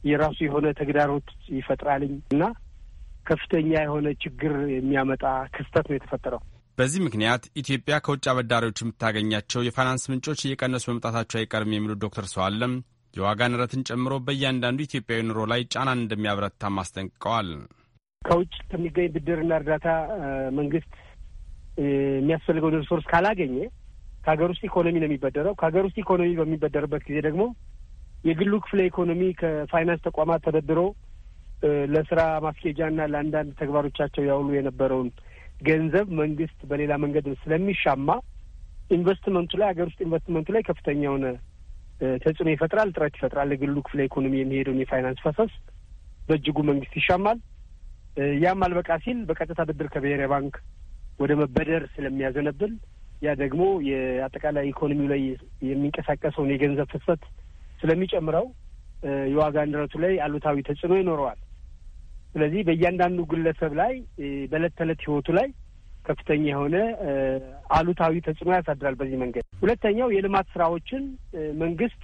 የራሱ የሆነ ተግዳሮት ይፈጥራልኝ እና ከፍተኛ የሆነ ችግር የሚያመጣ ክስተት ነው የተፈጠረው። በዚህ ምክንያት ኢትዮጵያ ከውጭ አበዳሪዎች የምታገኛቸው የፋይናንስ ምንጮች እየቀነሱ መምጣታቸው አይቀርም የሚሉት ዶክተር ሰዋለም የዋጋ ንረትን ጨምሮ በእያንዳንዱ ኢትዮጵያዊ ኑሮ ላይ ጫናን እንደሚያበረታም አስጠንቅቀዋል። ከውጭ ከሚገኝ ብድርና እርዳታ መንግስት የሚያስፈልገውን ሪሶርስ ካላገኘ ከሀገር ውስጥ ኢኮኖሚ ነው የሚበደረው። ከሀገር ውስጥ ኢኮኖሚ በሚበደርበት ጊዜ ደግሞ የግሉ ክፍለ ኢኮኖሚ ከፋይናንስ ተቋማት ተበድሮ ለስራ ማስኬጃና ለአንዳንድ ተግባሮቻቸው ያውሉ የነበረውን ገንዘብ መንግስት በሌላ መንገድ ስለሚሻማ ኢንቨስትመንቱ ላይ ሀገር ውስጥ ኢንቨስትመንቱ ላይ ከፍተኛ የሆነ ተጽዕኖ ይፈጥራል፣ እጥረት ይፈጥራል። ለግሉ ክፍለ ኢኮኖሚ የሚሄደውን የፋይናንስ ፈሰስ በእጅጉ መንግስት ይሻማል። ያም አልበቃ ሲል በቀጥታ ብድር ከብሔራዊ ባንክ ወደ መበደር ስለሚያዘነብል ያ ደግሞ የአጠቃላይ ኢኮኖሚው ላይ የሚንቀሳቀሰውን የገንዘብ ፍሰት ስለሚጨምረው የዋጋ ንረቱ ላይ አሉታዊ ተጽዕኖ ይኖረዋል። ስለዚህ በእያንዳንዱ ግለሰብ ላይ በእለት ተዕለት ህይወቱ ላይ ከፍተኛ የሆነ አሉታዊ ተጽዕኖ ያሳድራል። በዚህ መንገድ ሁለተኛው የልማት ስራዎችን መንግስት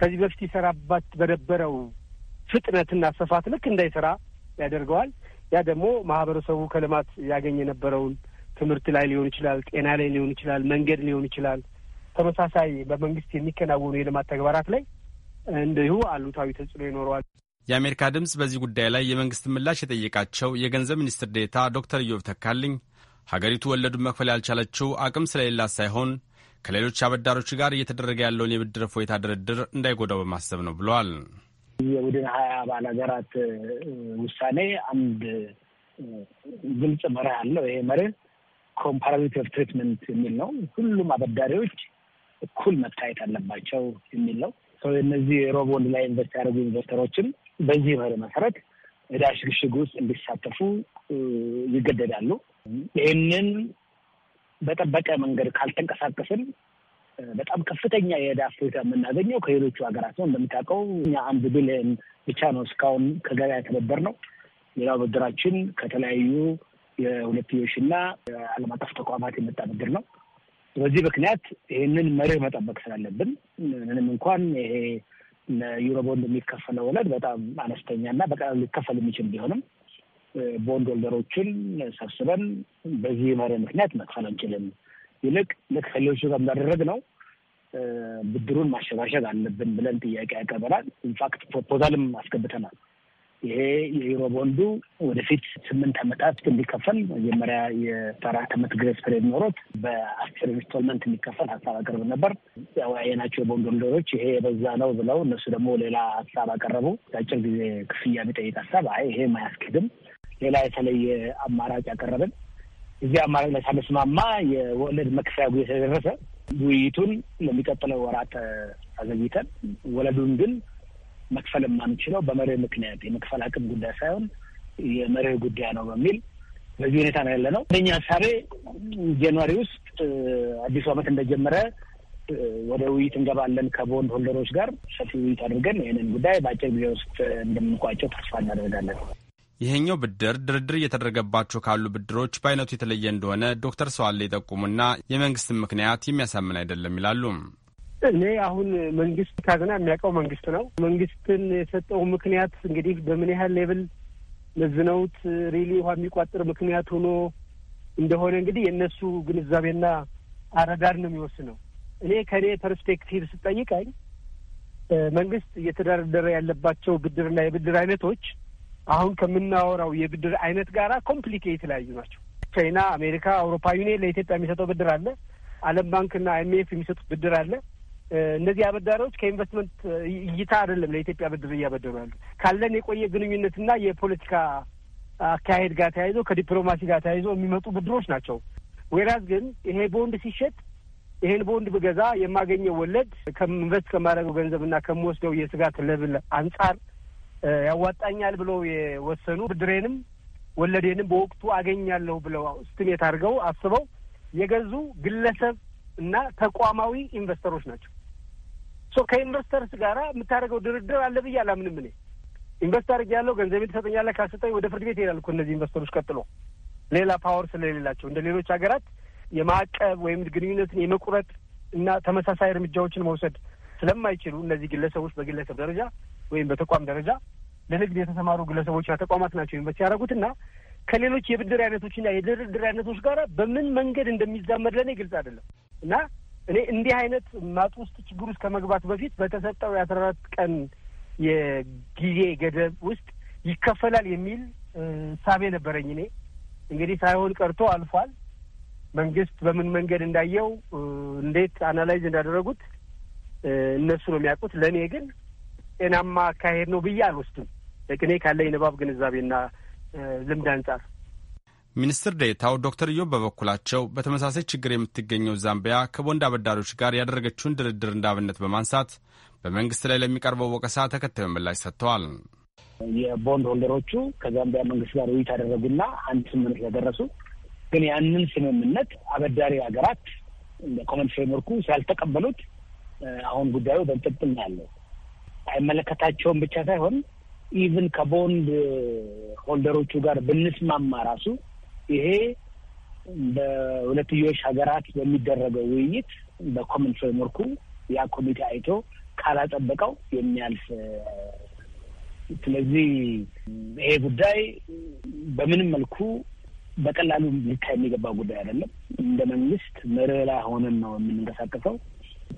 ከዚህ በፊት ይሰራባት በነበረው ፍጥነትና ስፋት ልክ እንዳይሰራ ያደርገዋል። ያ ደግሞ ማህበረሰቡ ከልማት ያገኝ የነበረውን ትምህርት ላይ ሊሆን ይችላል፣ ጤና ላይ ሊሆን ይችላል፣ መንገድ ሊሆን ይችላል። ተመሳሳይ በመንግስት የሚከናወኑ የልማት ተግባራት ላይ እንዲሁ አሉታዊ ተጽዕኖ ይኖረዋል። የአሜሪካ ድምፅ በዚህ ጉዳይ ላይ የመንግስት ምላሽ የጠየቃቸው የገንዘብ ሚኒስትር ዴታ ዶክተር ኢዮብ ተካልኝ ሀገሪቱ ወለዱን መክፈል ያልቻለችው አቅም ስለሌላት ሳይሆን ከሌሎች አበዳሮች ጋር እየተደረገ ያለውን የብድር እፎይታ ድርድር እንዳይጎዳው በማሰብ ነው ብለዋል። የቡድን ሀያ አባል ሀገራት ውሳኔ አንድ ግልጽ መርህ አለው። ይሄ መርህ ኮምፓራቲቭ ትሪትመንት የሚል ነው። ሁሉም አበዳሪዎች እኩል መታየት አለባቸው የሚል ነው። እነዚህ ሮቦንድ ላይ ኢንቨስት ያደረጉ ኢንቨስተሮችም በዚህ መርህ መሰረት ዕዳ ሽግሽግ ውስጥ እንዲሳተፉ ይገደዳሉ። ይህንን በጠበቀ መንገድ ካልተንቀሳቀስን በጣም ከፍተኛ የዕዳ እፎይታ የምናገኘው ከሌሎቹ ሀገራት ነው። እንደምታውቀው እኛ አንድ ቢሊዮን ብቻ ነው እስካሁን ከገበያ የተበበር ነው። ሌላው ብድራችን ከተለያዩ የሁለትዮሽና ዓለም አቀፍ ተቋማት የመጣ ብድር ነው። በዚህ ምክንያት ይህንን መርህ መጠበቅ ስላለብን ምንም እንኳን ይሄ ለዩሮ ቦንድ የሚከፈለው ወለድ በጣም አነስተኛና በቀላሉ ሊከፈል የሚችል ቢሆንም ቦንድ ወልደሮችን ሰብስበን በዚህ መርህ ምክንያት መክፈል አንችልም። ይልቅ ልክ ከሌሎቹ ጋር እንዳደረግ ነው ብድሩን ማሸጋሸግ አለብን ብለን ጥያቄ ያቀበላል። ኢንፋክት ፕሮፖዛልም አስገብተናል። ይሄ የዩሮ ቦንዱ ወደፊት ስምንት ዓመታት እንዲከፈል መጀመሪያ የአራት ዓመት ግሬስ ፔሪድ ኖሮት በአስር ኢንስቶልመንት እንዲከፈል ሀሳብ አቅርብ ነበር። ያወያየናቸው የቦንድ ሆልደሮች ይሄ የበዛ ነው ብለው እነሱ ደግሞ ሌላ ሀሳብ አቀረቡ። የአጭር ጊዜ ክፍያ የሚጠይቅ ሀሳብ አይ ይሄ አያስኬድም፣ ሌላ የተለየ አማራጭ ያቀረብን እዚህ አማራጭ ላይ ሳንስማማ የወለድ መክፈያ ጉ የተደረሰ ውይይቱን ለሚቀጥለው ወራት አዘግይተን ወለዱን ግን መክፈል የማንችለው በመርህ ምክንያት የመክፈል አቅም ጉዳይ ሳይሆን የመርህ ጉዳይ ነው በሚል በዚህ ሁኔታ ነው ያለ ነው። እንደኛ ሀሳቤ ጃንዋሪ ውስጥ አዲሱ ዓመት እንደጀመረ ወደ ውይይት እንገባለን ከቦንድ ሆልደሮች ጋር ሰፊ ውይይት አድርገን ይህንን ጉዳይ በአጭር ጊዜ ውስጥ እንደምንቋጨው ተስፋ እናደርጋለን። ይሄኛው ብድር ድርድር እየተደረገባቸው ካሉ ብድሮች በአይነቱ የተለየ እንደሆነ ዶክተር ሰዋለ ይጠቁሙና የመንግስትን ምክንያት የሚያሳምን አይደለም ይላሉ። እኔ አሁን መንግስት ካዝና የሚያውቀው መንግስት ነው። መንግስትን የሰጠው ምክንያት እንግዲህ በምን ያህል ሌብል መዝነውት ሪሊ ውሃ የሚቋጥር ምክንያት ሆኖ እንደሆነ እንግዲህ የእነሱ ግንዛቤና አረዳድ ነው የሚወስነው። እኔ ከእኔ ፐርስፔክቲቭ ስጠይቀኝ መንግስት እየተደረደረ ያለባቸው ብድርና የብድር አይነቶች አሁን ከምናወራው የብድር አይነት ጋራ ኮምፕሊኬት የተለያዩ ናቸው። ቻይና፣ አሜሪካ፣ አውሮፓ ዩኒየን ለኢትዮጵያ የሚሰጠው ብድር አለ። ዓለም ባንክና አይምኤፍ የሚሰጡት ብድር አለ። እነዚህ አበዳሪዎች ከኢንቨስትመንት እይታ አይደለም ለኢትዮጵያ ብድር እያበደሩ ያሉ ካለን የቆየ ግንኙነትና የፖለቲካ አካሄድ ጋር ተያይዞ ከዲፕሎማሲ ጋር ተያይዞ የሚመጡ ብድሮች ናቸው። ወይራዝ ግን ይሄ ቦንድ ሲሸጥ ይሄን ቦንድ ብገዛ የማገኘው ወለድ ከኢንቨስት ከማድረገው ገንዘብና ከምወስደው የስጋት ለብል አንጻር ያዋጣኛል ብለው የወሰኑ ብድሬንም ወለዴንም በወቅቱ አገኛለሁ ብለው ስቲሜት አድርገው አስበው የገዙ ግለሰብ እና ተቋማዊ ኢንቨስተሮች ናቸው። ሶ ከኢንቨስተርስ ጋር የምታደርገው ድርድር አለ ብዬ አላምንም። እኔ ኢንቨስት አድርጌያለሁ፣ ገንዘቤን ትሰጠኛለህ፣ ካልሰጠኝ ወደ ፍርድ ቤት ይሄዳል እኮ እነዚህ ኢንቨስተሮች። ቀጥሎ ሌላ ፓወር ስለሌላቸው እንደ ሌሎች ሀገራት የማዕቀብ ወይም ግንኙነትን የመቁረጥ እና ተመሳሳይ እርምጃዎችን መውሰድ ስለማይችሉ እነዚህ ግለሰቦች በግለሰብ ደረጃ ወይም በተቋም ደረጃ ለንግድ የተሰማሩ ግለሰቦችና ተቋማት ናቸው ኢንቨስት ያደረጉትና ከሌሎች የብድር አይነቶችና የድርድር አይነቶች ጋር በምን መንገድ እንደሚዛመድ ለእኔ ግልጽ አይደለም እና እኔ እንዲህ አይነት ማጡ ውስጥ ችግር ውስጥ ከመግባት በፊት በተሰጠው የአስራ አራት ቀን የጊዜ ገደብ ውስጥ ይከፈላል የሚል ሳቤ ነበረኝ። እኔ እንግዲህ ሳይሆን ቀርቶ አልፏል። መንግስት በምን መንገድ እንዳየው እንዴት አናላይዝ እንዳደረጉት እነሱ ነው የሚያውቁት። ለእኔ ግን ጤናማ አካሄድ ነው ብዬ አልወስድም። ለቅኔ ካለኝ ንባብ ግንዛቤና ልምድ አንጻር ሚኒስትር ዴታው ዶክተር ኢዮብ በበኩላቸው በተመሳሳይ ችግር የምትገኘው ዛምቢያ ከቦንድ አበዳሪዎች ጋር ያደረገችውን ድርድር እንዳብነት በማንሳት በመንግስት ላይ ለሚቀርበው ወቀሳ ተከታዩ ምላሽ ሰጥተዋል። የቦንድ ሆልደሮቹ ከዛምቢያ መንግስት ጋር ውይይት ያደረጉና አንድ ስምምነት ያደረሱ፣ ግን ያንን ስምምነት አበዳሪ ሀገራት እንደ ኮመን ፍሬምወርኩ ስላልተቀበሉት አሁን ጉዳዩ በጥብጥም ያለው አይመለከታቸውም ብቻ ሳይሆን ኢቭን ከቦንድ ሆልደሮቹ ጋር ብንስማማ ራሱ ይሄ በሁለትዮሽ ሀገራት በሚደረገው ውይይት በኮመን ፍሬምወርኩ ያ ኮሚቴ አይቶ ካላጠበቀው የሚያልፍ ስለዚህ ይሄ ጉዳይ በምንም መልኩ በቀላሉ ሊታይ የሚገባ ጉዳይ አይደለም። እንደ መንግስት መርህ ላይ ሆነን ነው የምንንቀሳቀሰው።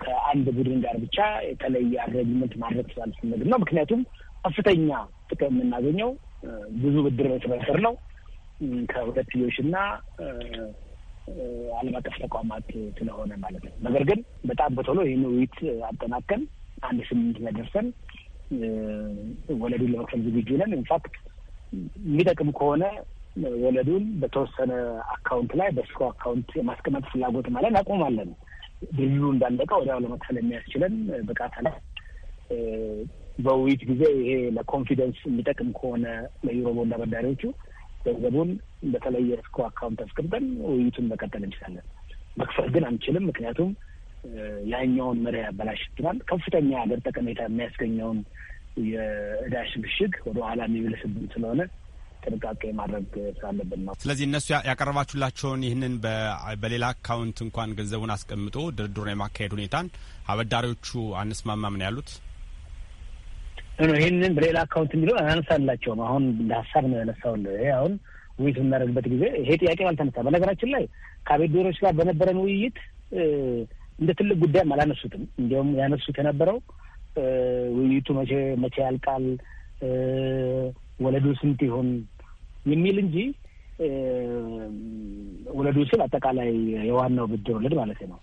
ከአንድ ቡድን ጋር ብቻ የተለየ አረጅመንት ማድረግ ስላልፈለግ ነው። ምክንያቱም ከፍተኛ ጥቅም የምናገኘው ብዙ ብድር ስበስር ነው ከሁለትዮሽ እና ዓለም አቀፍ ተቋማት ስለሆነ ማለት ነው። ነገር ግን በጣም በቶሎ ይህን ውይይት አጠናቀን አንድ ስምንት ለደርሰን ወለዱን ለመክፈል ዝግጁ ነን። ኢንፋክት የሚጠቅም ከሆነ ወለዱን በተወሰነ አካውንት ላይ በስኮ አካውንት የማስቀመጥ ፍላጎት ማለት አቁማለን። ድሉ እንዳለቀ ወዲያው ለመክፈል የሚያስችለን ብቃት አለ። በውይይት ጊዜ ይሄ ለኮንፊደንስ የሚጠቅም ከሆነ ለዩሮ ቦንድ አበዳሪዎቹ ገንዘቡን በተለየ እስኮ አካውንት አስቀምጠን ውይይቱን መቀጠል እንችላለን። መክፈል ግን አንችልም፣ ምክንያቱም ያኛውን መሪ ያበላሽብናል። ከፍተኛ ሀገር ጠቀሜታ የሚያስገኘውን የእዳ ሽግሽግ ወደ ኋላ የሚመልስብን ስለሆነ ጥንቃቄ ማድረግ ስላለብን ነው። ስለዚህ እነሱ ያቀረባችሁላቸውን ይህንን በሌላ አካውንት እንኳን ገንዘቡን አስቀምጦ ድርድሩን የማካሄድ ሁኔታን አበዳሪዎቹ አንስማማም ነው ያሉት። ይህንን በሌላ አካውንት የሚለውን አናነሳላቸው አሁን እንደ ሀሳብ ነው ያነሳውን። አሁን ውይይት የምናደርግበት ጊዜ ይሄ ጥያቄ አልተነሳ። በነገራችን ላይ ከአቤዶሮች ጋር በነበረን ውይይት እንደ ትልቅ ጉዳይም አላነሱትም። እንዲያውም ያነሱት የነበረው ውይይቱ መቼ መቼ ያልቃል፣ ወለዱ ስንት ይሁን የሚል እንጂ ወለዱ ስል አጠቃላይ የዋናው ብድር ወለድ ማለት ነው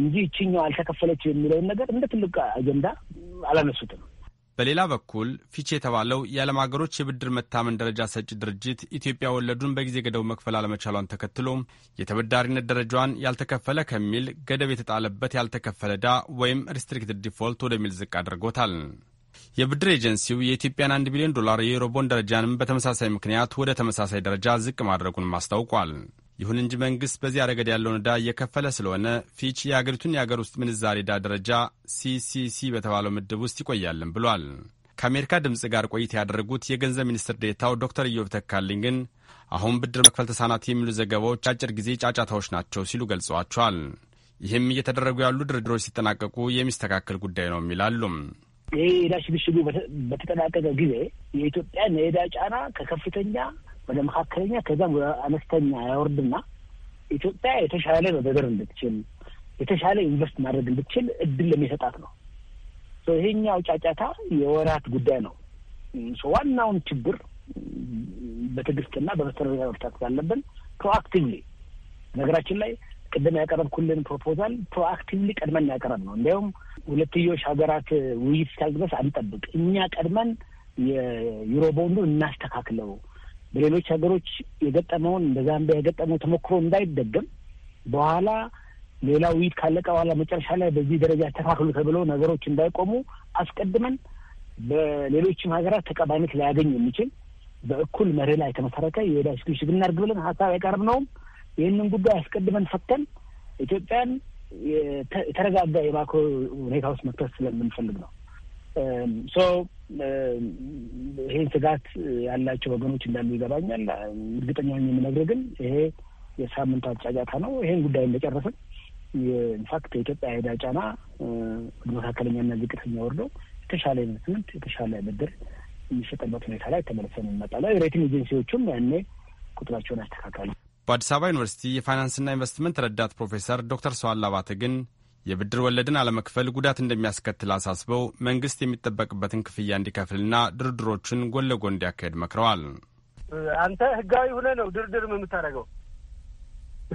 እንጂ ይችኛው አልተከፈለችው የሚለውን ነገር እንደ ትልቅ አጀንዳ አላነሱትም። በሌላ በኩል ፊች የተባለው የዓለም ሀገሮች የብድር መታመን ደረጃ ሰጪ ድርጅት ኢትዮጵያ ወለዱን በጊዜ ገደቡ መክፈል አለመቻሏን ተከትሎ የተበዳሪነት ደረጃዋን ያልተከፈለ ከሚል ገደብ የተጣለበት ያልተከፈለ ዕዳ ወይም ሪስትሪክትድ ዲፎልት ወደሚል ዝቅ አድርጎታል። የብድር ኤጀንሲው የኢትዮጵያን አንድ ቢሊዮን ዶላር የዩሮቦን ደረጃንም በተመሳሳይ ምክንያት ወደ ተመሳሳይ ደረጃ ዝቅ ማድረጉንም አስታውቋል። ይሁን እንጂ መንግሥት በዚያ ረገድ ያለውን ዕዳ እየከፈለ ስለሆነ ፊች የአገሪቱን የአገር ውስጥ ምንዛሬ ዕዳ ደረጃ ሲሲሲ በተባለው ምድብ ውስጥ ይቆያልን ብሏል። ከአሜሪካ ድምፅ ጋር ቆይታ ያደረጉት የገንዘብ ሚኒስትር ዴታው ዶክተር ኢዮብ ተካልኝ ግን አሁን ብድር መክፈል ተሳናት የሚሉ ዘገባዎች አጭር ጊዜ ጫጫታዎች ናቸው ሲሉ ገልጸዋቸዋል። ይህም እየተደረጉ ያሉ ድርድሮች ሲጠናቀቁ የሚስተካከል ጉዳይ ነው የሚላሉም ይሄ የዳ ሽግሽጉ በተጠናቀቀ ጊዜ የኢትዮጵያን የዳ ጫና ከከፍተኛ ወደ መካከለኛ ከዛም ወደ አነስተኛ ያወርድና ኢትዮጵያ የተሻለ መበደር እንድትችል የተሻለ ኢንቨስት ማድረግ እንድትችል እድል ለሚሰጣት ነው። ይሄኛው ጫጫታ የወራት ጉዳይ ነው። ዋናውን ችግር በትዕግስትና በመስተዳደር መፍታት ያለብን ፕሮአክቲቭሊ ነገራችን ላይ ቅድም ያቀረብኩልን ፕሮፖዛል ፕሮአክቲቭሊ ቀድመን ያቀረብ ነው። እንዲያውም ሁለትዮሽ ሀገራት ውይይት እስካል አንጠብቅ፣ እኛ ቀድመን የዩሮ ቦንዱ እናስተካክለው፣ በሌሎች ሀገሮች የገጠመውን እንደ ዛምቢያ የገጠመው ተሞክሮ እንዳይደገም በኋላ ሌላ ውይይት ካለቀ በኋላ መጨረሻ ላይ በዚህ ደረጃ ተካክሉ ተብለው ነገሮች እንዳይቆሙ አስቀድመን በሌሎችም ሀገራት ተቀባይነት ላያገኝ የሚችል በእኩል መሪ ላይ የተመሰረተ የዕዳ ሽግሽግ እናድርግ ብለን ሀሳብ አይቀርብ ነውም ይህንን ጉዳይ አስቀድመን ፈተን ኢትዮጵያን የተረጋጋ የማክሮ ሁኔታ ውስጥ መክተት ስለምንፈልግ ነው። ሶ ይህን ስጋት ያላቸው ወገኖች እንዳሉ ይገባኛል። እርግጠኛ የምነግር ግን ይሄ የሳምንታት ጫጫታ ነው። ይህን ጉዳይ እንደጨረስን ኢንፋክት የኢትዮጵያ ዕዳ ጫና ወደ መካከለኛና ዝቅተኛ ወርዶ የተሻለ ኢንቨስትመንት የተሻለ ብድር የሚሰጥበት ሁኔታ ላይ ተመልሰን እንመጣለን። ሬቲንግ ኤጀንሲዎቹም ያኔ ቁጥራቸውን አስተካክላሉ። በአዲስ አበባ ዩኒቨርሲቲ የፋይናንስና ኢንቨስትመንት ረዳት ፕሮፌሰር ዶክተር ሰዋል አባተ ግን የብድር ወለድን አለመክፈል ጉዳት እንደሚያስከትል አሳስበው መንግስት የሚጠበቅበትን ክፍያ እንዲከፍልና ድርድሮችን ጎን ለጎን እንዲያካሄድ መክረዋል። አንተ ህጋዊ ሆነ ነው ድርድር የምታደርገው።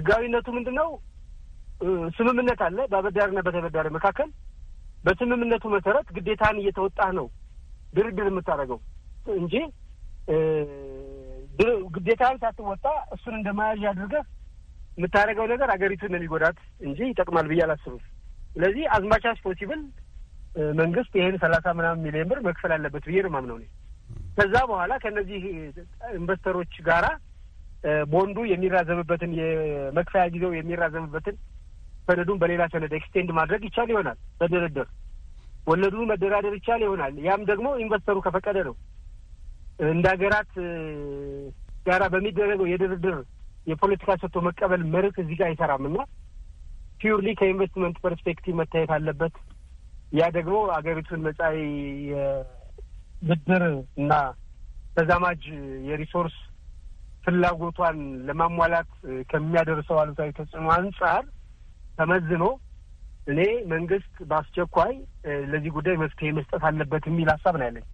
ህጋዊነቱ ምንድን ነው? ስምምነት አለ በአበዳሪና በተበዳሪ መካከል። በስምምነቱ መሰረት ግዴታን እየተወጣህ ነው ድርድር የምታደርገው እንጂ ግዴታህን ሳትወጣ እሱን እንደ መያዣ አድርገህ የምታደርገው ነገር አገሪቱን የሚጎዳት እንጂ ይጠቅማል ብዬ አላስብም። ስለዚህ አዝማቻስ ፖሲብል መንግስት ይህን ሰላሳ ምናምን ሚሊዮን ብር መክፈል አለበት ብዬ ነው ማምነው እኔ። ከዛ በኋላ ከእነዚህ ኢንቨስተሮች ጋራ ቦንዱ የሚራዘምበትን የመክፈያ ጊዜው የሚራዘምበትን ሰነዱን በሌላ ሰነድ ኤክስቴንድ ማድረግ ይቻል ይሆናል። በድርድር ወለዱ መደራደር ይቻል ይሆናል። ያም ደግሞ ኢንቨስተሩ ከፈቀደ ነው። እንደ ሀገራት ጋራ በሚደረገው የድርድር የፖለቲካ ሰጥቶ መቀበል መርህ እዚህ ጋር አይሰራም እና ፒውርሊ ከኢንቨስትመንት ፐርስፔክቲቭ መታየት አለበት። ያ ደግሞ አገሪቱን መጻኢ የብድር እና ተዛማጅ የሪሶርስ ፍላጎቷን ለማሟላት ከሚያደርሰው አሉታዊ ተጽዕኖ አንጻር ተመዝኖ እኔ መንግስት በአስቸኳይ ለዚህ ጉዳይ መፍትሄ መስጠት አለበት የሚል ሀሳብ ነው ያለኝ።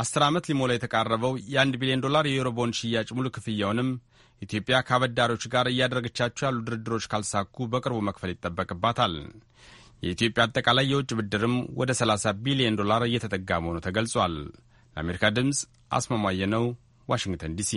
አስር ዓመት ሊሞላ የተቃረበው የአንድ ቢሊዮን ዶላር የዩሮ ቦንድ ሽያጭ ሙሉ ክፍያውንም ኢትዮጵያ ከአበዳሪዎች ጋር እያደረገቻቸው ያሉ ድርድሮች ካልሳኩ በቅርቡ መክፈል ይጠበቅባታል። የኢትዮጵያ አጠቃላይ የውጭ ብድርም ወደ 30 ቢሊዮን ዶላር እየተጠጋ መሆኑ ተገልጿል። ለአሜሪካ ድምፅ አስማማየ ነው፣ ዋሽንግተን ዲሲ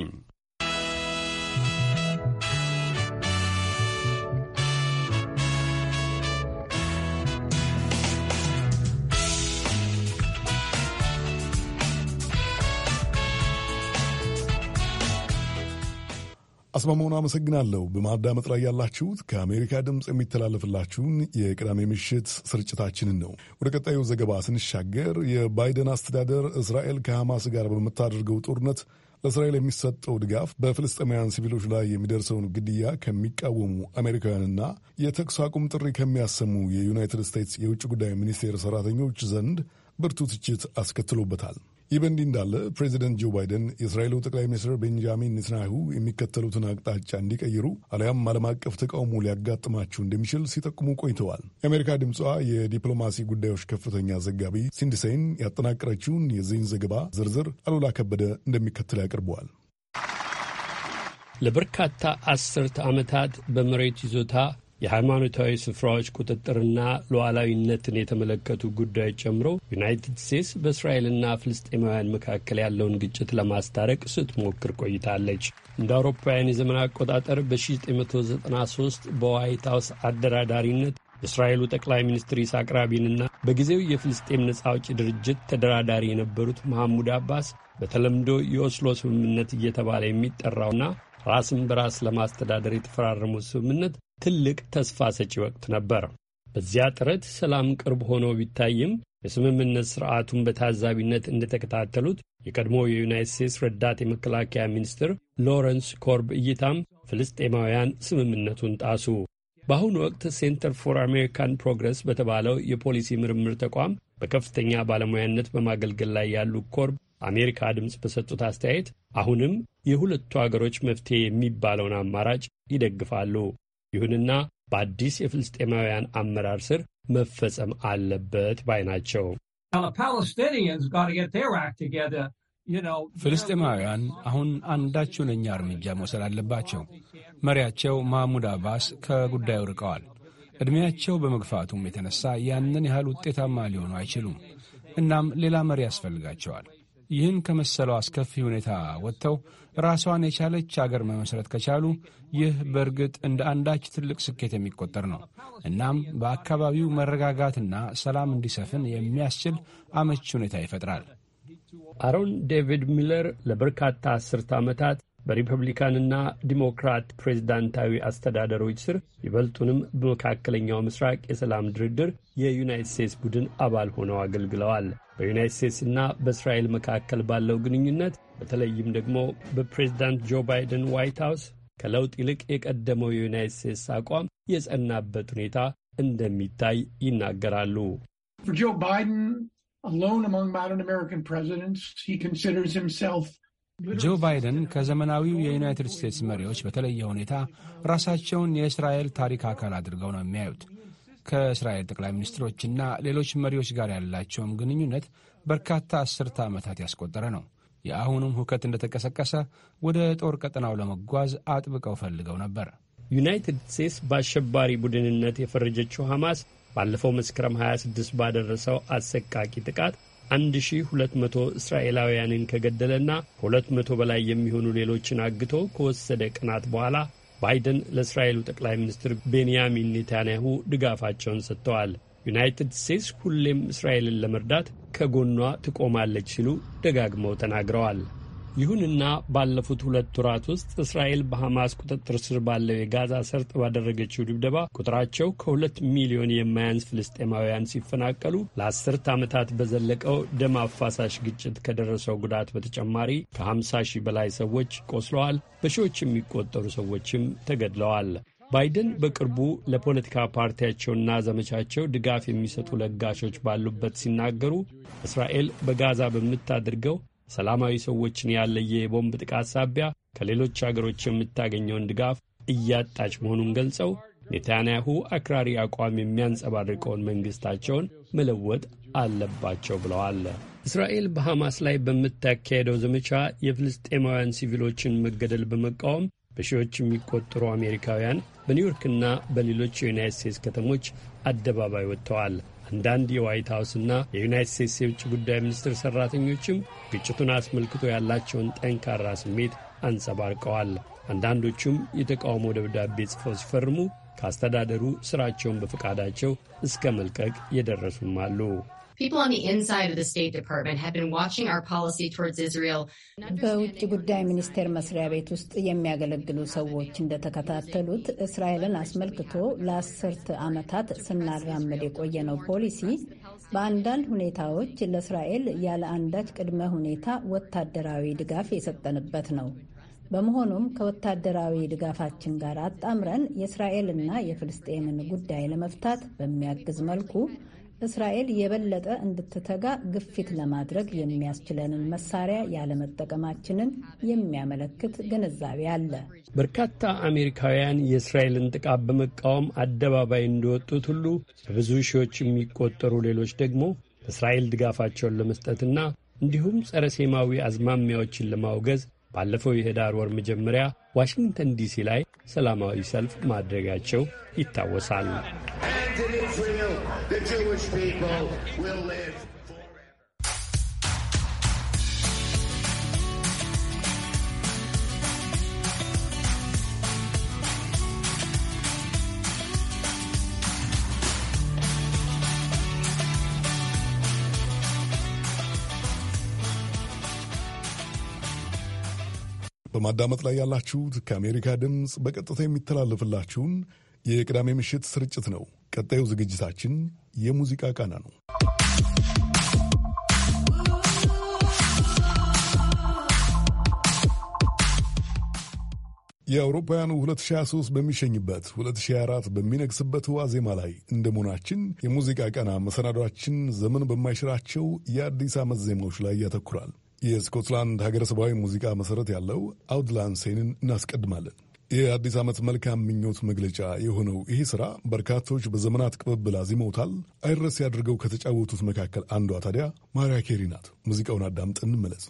አስማማውን አመሰግናለሁ። በማዳመጥ ላይ ያላችሁት ከአሜሪካ ድምፅ የሚተላለፍላችሁን የቅዳሜ ምሽት ስርጭታችንን ነው። ወደ ቀጣዩ ዘገባ ስንሻገር የባይደን አስተዳደር እስራኤል ከሐማስ ጋር በምታደርገው ጦርነት ለእስራኤል የሚሰጠው ድጋፍ በፍልስጤማውያን ሲቪሎች ላይ የሚደርሰውን ግድያ ከሚቃወሙ አሜሪካውያንና የተኩስ አቁም ጥሪ ከሚያሰሙ የዩናይትድ ስቴትስ የውጭ ጉዳይ ሚኒስቴር ሰራተኞች ዘንድ ብርቱ ትችት አስከትሎበታል። ይህ በእንዲህ እንዳለ ፕሬዚደንት ጆ ባይደን የእስራኤሉ ጠቅላይ ሚኒስትር ቤንጃሚን ኔትንያሁ የሚከተሉትን አቅጣጫ እንዲቀይሩ አሊያም ዓለም አቀፍ ተቃውሞ ሊያጋጥማችሁ እንደሚችል ሲጠቁሙ ቆይተዋል። የአሜሪካ ድምጿ የዲፕሎማሲ ጉዳዮች ከፍተኛ ዘጋቢ ሲንዲሴይን ያጠናቀረችውን የዚህን ዘገባ ዝርዝር አሉላ ከበደ እንደሚከተል ያቀርበዋል። ለበርካታ አስርተ ዓመታት በመሬት ይዞታ የሃይማኖታዊ ስፍራዎች ቁጥጥርና ሉዓላዊነትን የተመለከቱ ጉዳዮች ጨምሮ ዩናይትድ ስቴትስ በእስራኤልና ፍልስጤማውያን መካከል ያለውን ግጭት ለማስታረቅ ስትሞክር ቆይታለች። እንደ አውሮፓውያን የዘመን አቆጣጠር በ1993 በዋይት ሀውስ አደራዳሪነት የእስራኤሉ ጠቅላይ ሚኒስትር ይስሐቅ ራቢንና በጊዜው የፍልስጤም ነጻ አውጪ ድርጅት ተደራዳሪ የነበሩት መሐሙድ አባስ በተለምዶ የኦስሎ ስምምነት እየተባለ የሚጠራውና ራስን በራስ ለማስተዳደር የተፈራረሙት ስምምነት ትልቅ ተስፋ ሰጪ ወቅት ነበር። በዚያ ጥረት ሰላም ቅርብ ሆኖ ቢታይም የስምምነት ሥርዓቱን በታዛቢነት እንደተከታተሉት የቀድሞ የዩናይት ስቴትስ ረዳት የመከላከያ ሚኒስትር ሎረንስ ኮርብ እይታም ፍልስጤማውያን ስምምነቱን ጣሱ። በአሁኑ ወቅት ሴንተር ፎር አሜሪካን ፕሮግረስ በተባለው የፖሊሲ ምርምር ተቋም በከፍተኛ ባለሙያነት በማገልገል ላይ ያሉ ኮርብ አሜሪካ ድምፅ በሰጡት አስተያየት አሁንም የሁለቱ አገሮች መፍትሄ የሚባለውን አማራጭ ይደግፋሉ። ይሁንና በአዲስ የፍልስጤማውያን አመራር ስር መፈጸም አለበት ባይ ናቸው። ፍልስጤማውያን አሁን አንዳቸው እኛ እርምጃ መውሰድ አለባቸው። መሪያቸው ማህሙድ አባስ ከጉዳዩ ርቀዋል። ዕድሜያቸው በመግፋቱም የተነሳ ያንን ያህል ውጤታማ ሊሆኑ አይችሉም። እናም ሌላ መሪ ያስፈልጋቸዋል። ይህን ከመሰለው አስከፊ ሁኔታ ወጥተው ራሷን የቻለች አገር መመስረት ከቻሉ ይህ በእርግጥ እንደ አንዳች ትልቅ ስኬት የሚቆጠር ነው። እናም በአካባቢው መረጋጋትና ሰላም እንዲሰፍን የሚያስችል አመቺ ሁኔታ ይፈጥራል። አሮን ዴቪድ ሚለር ለበርካታ አስርተ ዓመታት በሪፐብሊካንና ዲሞክራት ፕሬዚዳንታዊ አስተዳደሮች ስር ይበልጡንም በመካከለኛው ምስራቅ የሰላም ድርድር የዩናይትድ ስቴትስ ቡድን አባል ሆነው አገልግለዋል። በዩናይት ስቴትስና በእስራኤል መካከል ባለው ግንኙነት በተለይም ደግሞ በፕሬዚዳንት ጆ ባይደን ዋይት ሀውስ ከለውጥ ይልቅ የቀደመው የዩናይት ስቴትስ አቋም የጸናበት ሁኔታ እንደሚታይ ይናገራሉ። ጆ ባይደን alone among modern American presidents, he considers himself ጆ ባይደን ከዘመናዊው የዩናይትድ ስቴትስ መሪዎች በተለየ ሁኔታ ራሳቸውን የእስራኤል ታሪክ አካል አድርገው ነው የሚያዩት። ከእስራኤል ጠቅላይ ሚኒስትሮችና ሌሎች መሪዎች ጋር ያላቸውም ግንኙነት በርካታ አስርተ ዓመታት ያስቆጠረ ነው። የአሁኑም ሁከት እንደተቀሰቀሰ ወደ ጦር ቀጠናው ለመጓዝ አጥብቀው ፈልገው ነበር። ዩናይትድ ስቴትስ በአሸባሪ ቡድንነት የፈረጀችው ሐማስ ባለፈው መስከረም 26 ባደረሰው አሰቃቂ ጥቃት 1200 እስራኤላውያንን ከገደለና 200 በላይ የሚሆኑ ሌሎችን አግቶ ከወሰደ ቀናት በኋላ ባይደን ለእስራኤሉ ጠቅላይ ሚኒስትር ቤንያሚን ኔታንያሁ ድጋፋቸውን ሰጥተዋል። ዩናይትድ ስቴትስ ሁሌም እስራኤልን ለመርዳት ከጎኗ ትቆማለች ሲሉ ደጋግመው ተናግረዋል። ይሁንና ባለፉት ሁለት ወራት ውስጥ እስራኤል በሐማስ ቁጥጥር ስር ባለው የጋዛ ሰርጥ ባደረገችው ድብደባ ቁጥራቸው ከሁለት ሚሊዮን የማያንስ ፍልስጤማውያን ሲፈናቀሉ ለአስርት ዓመታት በዘለቀው ደም አፋሳሽ ግጭት ከደረሰው ጉዳት በተጨማሪ ከ50 ሺህ በላይ ሰዎች ቆስለዋል፣ በሺዎች የሚቆጠሩ ሰዎችም ተገድለዋል። ባይደን በቅርቡ ለፖለቲካ ፓርቲያቸውና ዘመቻቸው ድጋፍ የሚሰጡ ለጋሾች ባሉበት ሲናገሩ እስራኤል በጋዛ በምታደርገው ሰላማዊ ሰዎችን ያለየ የቦምብ ጥቃት ሳቢያ ከሌሎች አገሮች የምታገኘውን ድጋፍ እያጣች መሆኑን ገልጸው ኔታንያሁ አክራሪ አቋም የሚያንጸባርቀውን መንግሥታቸውን መለወጥ አለባቸው ብለዋል። እስራኤል በሐማስ ላይ በምታካሄደው ዘመቻ የፍልስጤማውያን ሲቪሎችን መገደል በመቃወም በሺዎች የሚቆጠሩ አሜሪካውያን በኒውዮርክና በሌሎች የዩናይት ስቴትስ ከተሞች አደባባይ ወጥተዋል። አንዳንድ የዋይት ሀውስና የዩናይት ስቴትስ የውጭ ጉዳይ ሚኒስትር ሠራተኞችም ግጭቱን አስመልክቶ ያላቸውን ጠንካራ ስሜት አንጸባርቀዋል። አንዳንዶቹም የተቃውሞ ደብዳቤ ጽፈው ሲፈርሙ ከአስተዳደሩ ሥራቸውን በፈቃዳቸው እስከ መልቀቅ የደረሱም አሉ። people on the inside of the State Department have been watching our policy towards Israel. በውጭ ጉዳይ ሚኒስቴር መስሪያ ቤት ውስጥ የሚያገለግሉ ሰዎች እንደተከታተሉት እስራኤልን አስመልክቶ ለአስርት ዓመታት ስናራምድ የቆየነው ፖሊሲ በአንዳንድ ሁኔታዎች ለእስራኤል ያለ አንዳች ቅድመ ሁኔታ ወታደራዊ ድጋፍ የሰጠንበት ነው። በመሆኑም ከወታደራዊ ድጋፋችን ጋር አጣምረን የእስራኤልና የፍልስጤምን ጉዳይ ለመፍታት በሚያግዝ መልኩ እስራኤል የበለጠ እንድትተጋ ግፊት ለማድረግ የሚያስችለንን መሳሪያ ያለመጠቀማችንን የሚያመለክት ግንዛቤ አለ። በርካታ አሜሪካውያን የእስራኤልን ጥቃት በመቃወም አደባባይ እንደወጡት ሁሉ በብዙ ሺዎች የሚቆጠሩ ሌሎች ደግሞ እስራኤል ድጋፋቸውን ለመስጠትና እንዲሁም ጸረ ሴማዊ አዝማሚያዎችን ለማውገዝ ባለፈው የህዳር ወር መጀመሪያ ዋሽንግተን ዲሲ ላይ ሰላማዊ ሰልፍ ማድረጋቸው ይታወሳል። The Jewish people will live በማዳመጥ ላይ ያላችሁት ከአሜሪካ ድምፅ በቀጥታ የሚተላለፍላችሁን የቅዳሜ ምሽት ስርጭት ነው። ቀጣዩ ዝግጅታችን የሙዚቃ ቃና ነው። የአውሮፓውያኑ 2023 በሚሸኝበት 2024 በሚነግስበት ዋዜማ ላይ እንደ መሆናችን የሙዚቃ ቀና መሰናዷችን ዘመን በማይሽራቸው የአዲስ ዓመት ዜማዎች ላይ ያተኩራል። የስኮትላንድ ሀገረሰባዊ ሙዚቃ መሠረት ያለው አውድላንሴንን እናስቀድማለን። የአዲስ ዓመት መልካም ምኞት መግለጫ የሆነው ይህ ሥራ በርካቶች በዘመናት ቅብብል አዚመውታል። አይረስ አድርገው ከተጫወቱት መካከል አንዷ ታዲያ ማሪያ ኬሪ ናት። ሙዚቃውን አዳምጠን እንመለስ።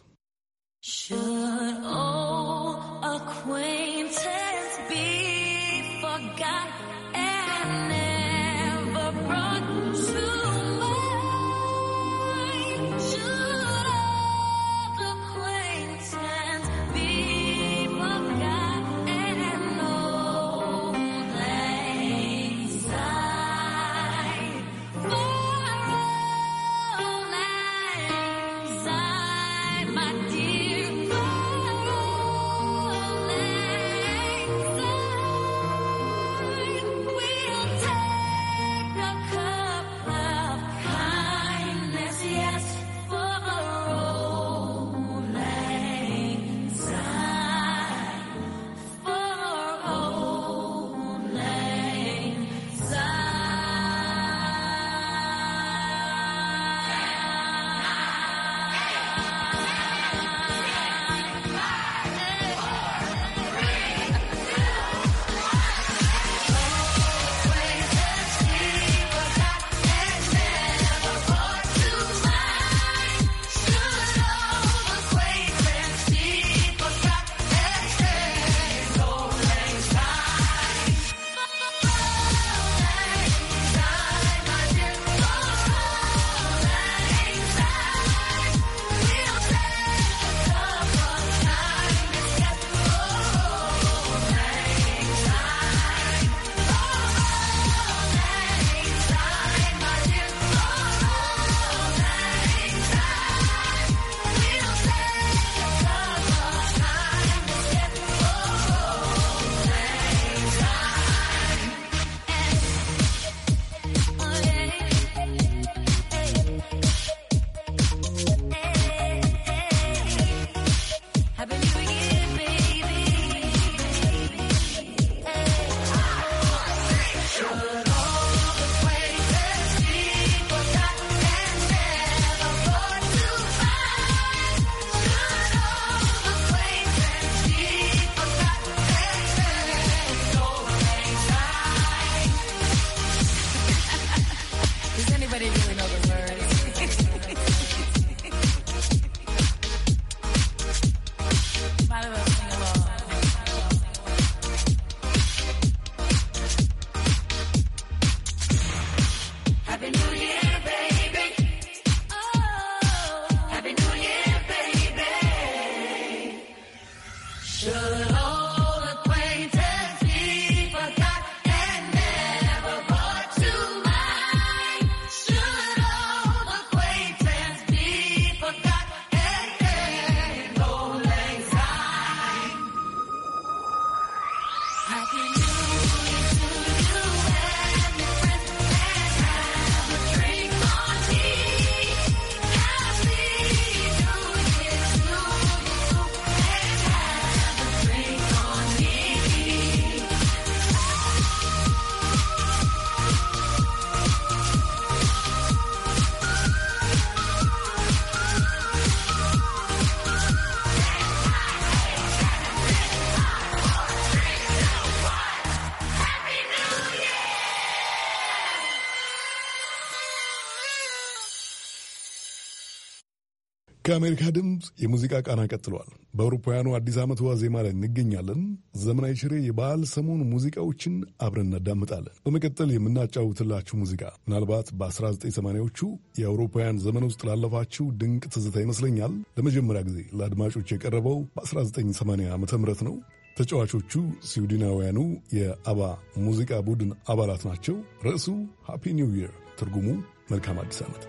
ከአሜሪካ ድምፅ የሙዚቃ ቃና ቀጥሏል። በአውሮፓውያኑ አዲስ ዓመት ዋዜማ ላይ እንገኛለን። ዘመናዊ ሽሬ የበዓል ሰሞን ሙዚቃዎችን አብረን እናዳምጣለን። በመቀጠል የምናጫውትላችሁ ሙዚቃ ምናልባት በ1980ዎቹ የአውሮፓውያን ዘመን ውስጥ ላለፋችሁ ድንቅ ትዝታ ይመስለኛል። ለመጀመሪያ ጊዜ ለአድማጮች የቀረበው በ1980 ዓ ም ነው። ተጫዋቾቹ ስዊድናውያኑ የአባ ሙዚቃ ቡድን አባላት ናቸው። ርዕሱ ሃፒ ኒው ይር፣ ትርጉሙ መልካም አዲስ ዓመት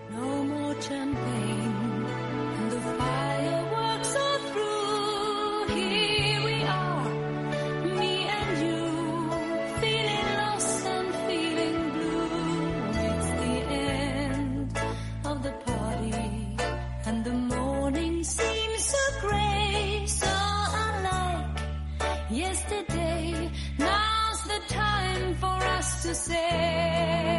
to say.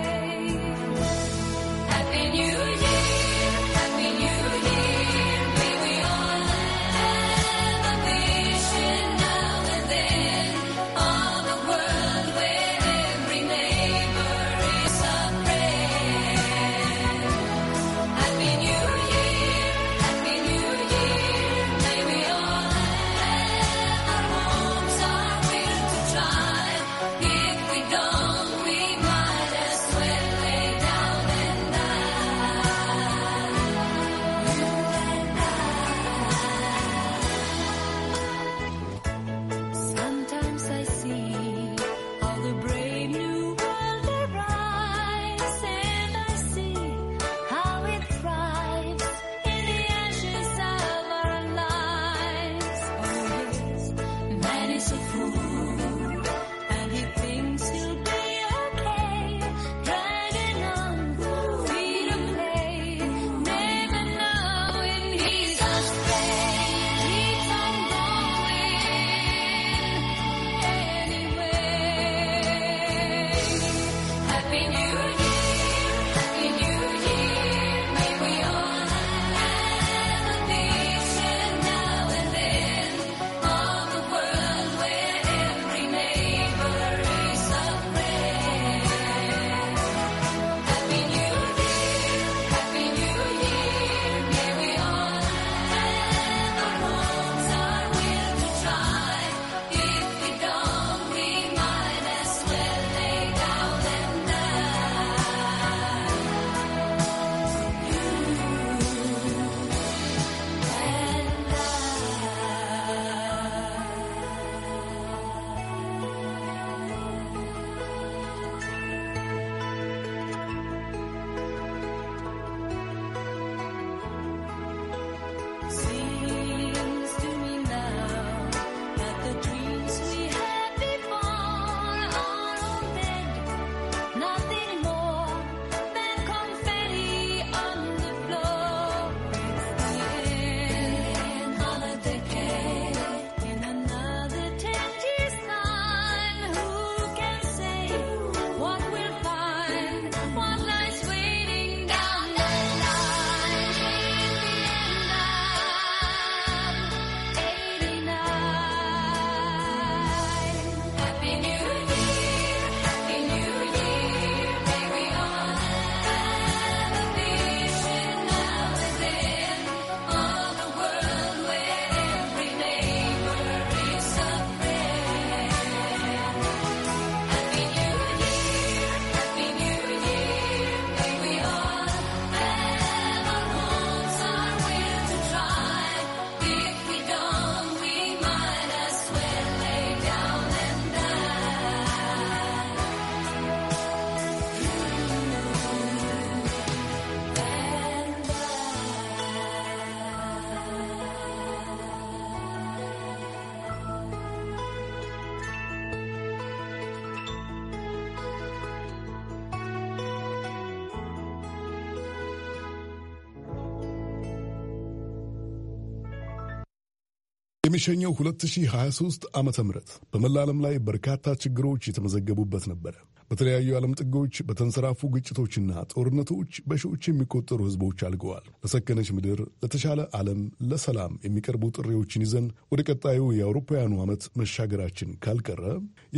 የሚሸኘው 2023 ዓ ም በመላ ዓለም ላይ በርካታ ችግሮች የተመዘገቡበት ነበረ። በተለያዩ የዓለም ጥጎች በተንሰራፉ ግጭቶችና ጦርነቶች በሺዎች የሚቆጠሩ ሕዝቦች አልገዋል። ለሰከነች ምድር፣ ለተሻለ ዓለም፣ ለሰላም የሚቀርቡ ጥሪዎችን ይዘን ወደ ቀጣዩ የአውሮፓውያኑ ዓመት መሻገራችን ካልቀረ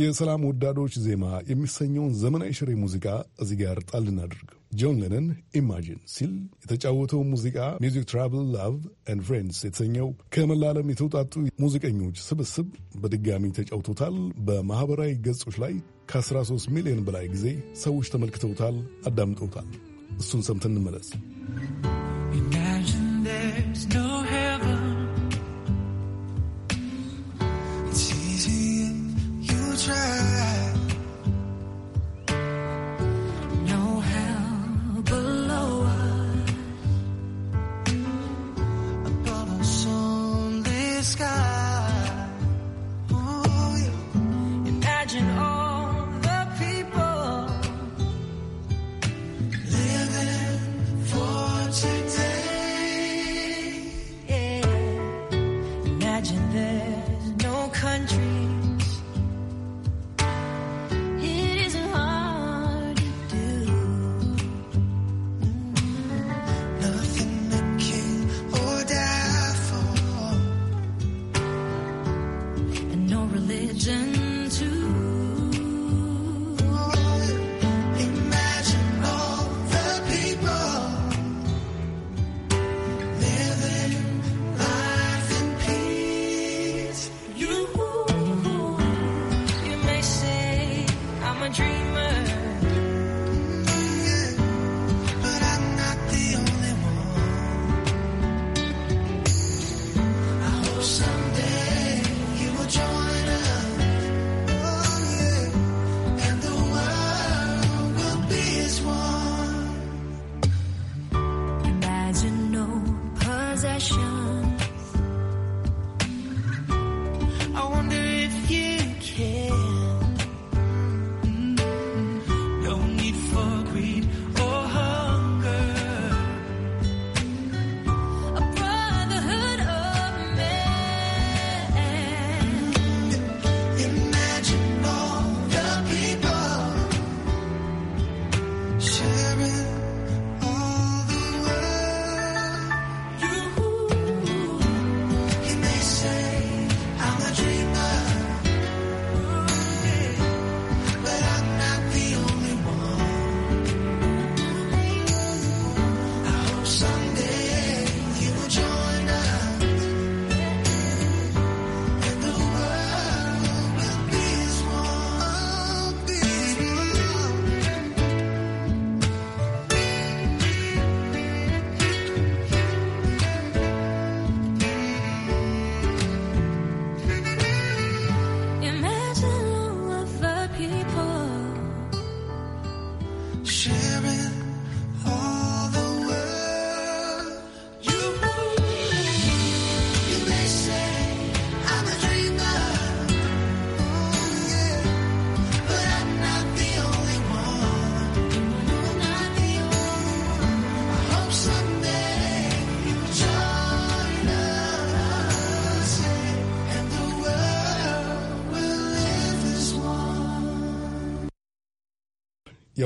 የሰላም ወዳዶች ዜማ የሚሰኘውን ዘመናዊ ሽሬ ሙዚቃ እዚህ ጋር ጣል እናድርግ። ጆን ሌነን ኢማጂን ሲል የተጫወተው ሙዚቃ ሚዚክ ትራቭል ላቭ ኤንድ ፍሬንድስ የተሰኘው ከመላ ዓለም የተውጣጡ ሙዚቀኞች ስብስብ በድጋሚ ተጫውቶታል። በማኅበራዊ ገጾች ላይ ከ13 ሚሊዮን በላይ ጊዜ ሰዎች ተመልክተውታል፣ አዳምጠውታል። እሱን ሰምተን እንመለስ።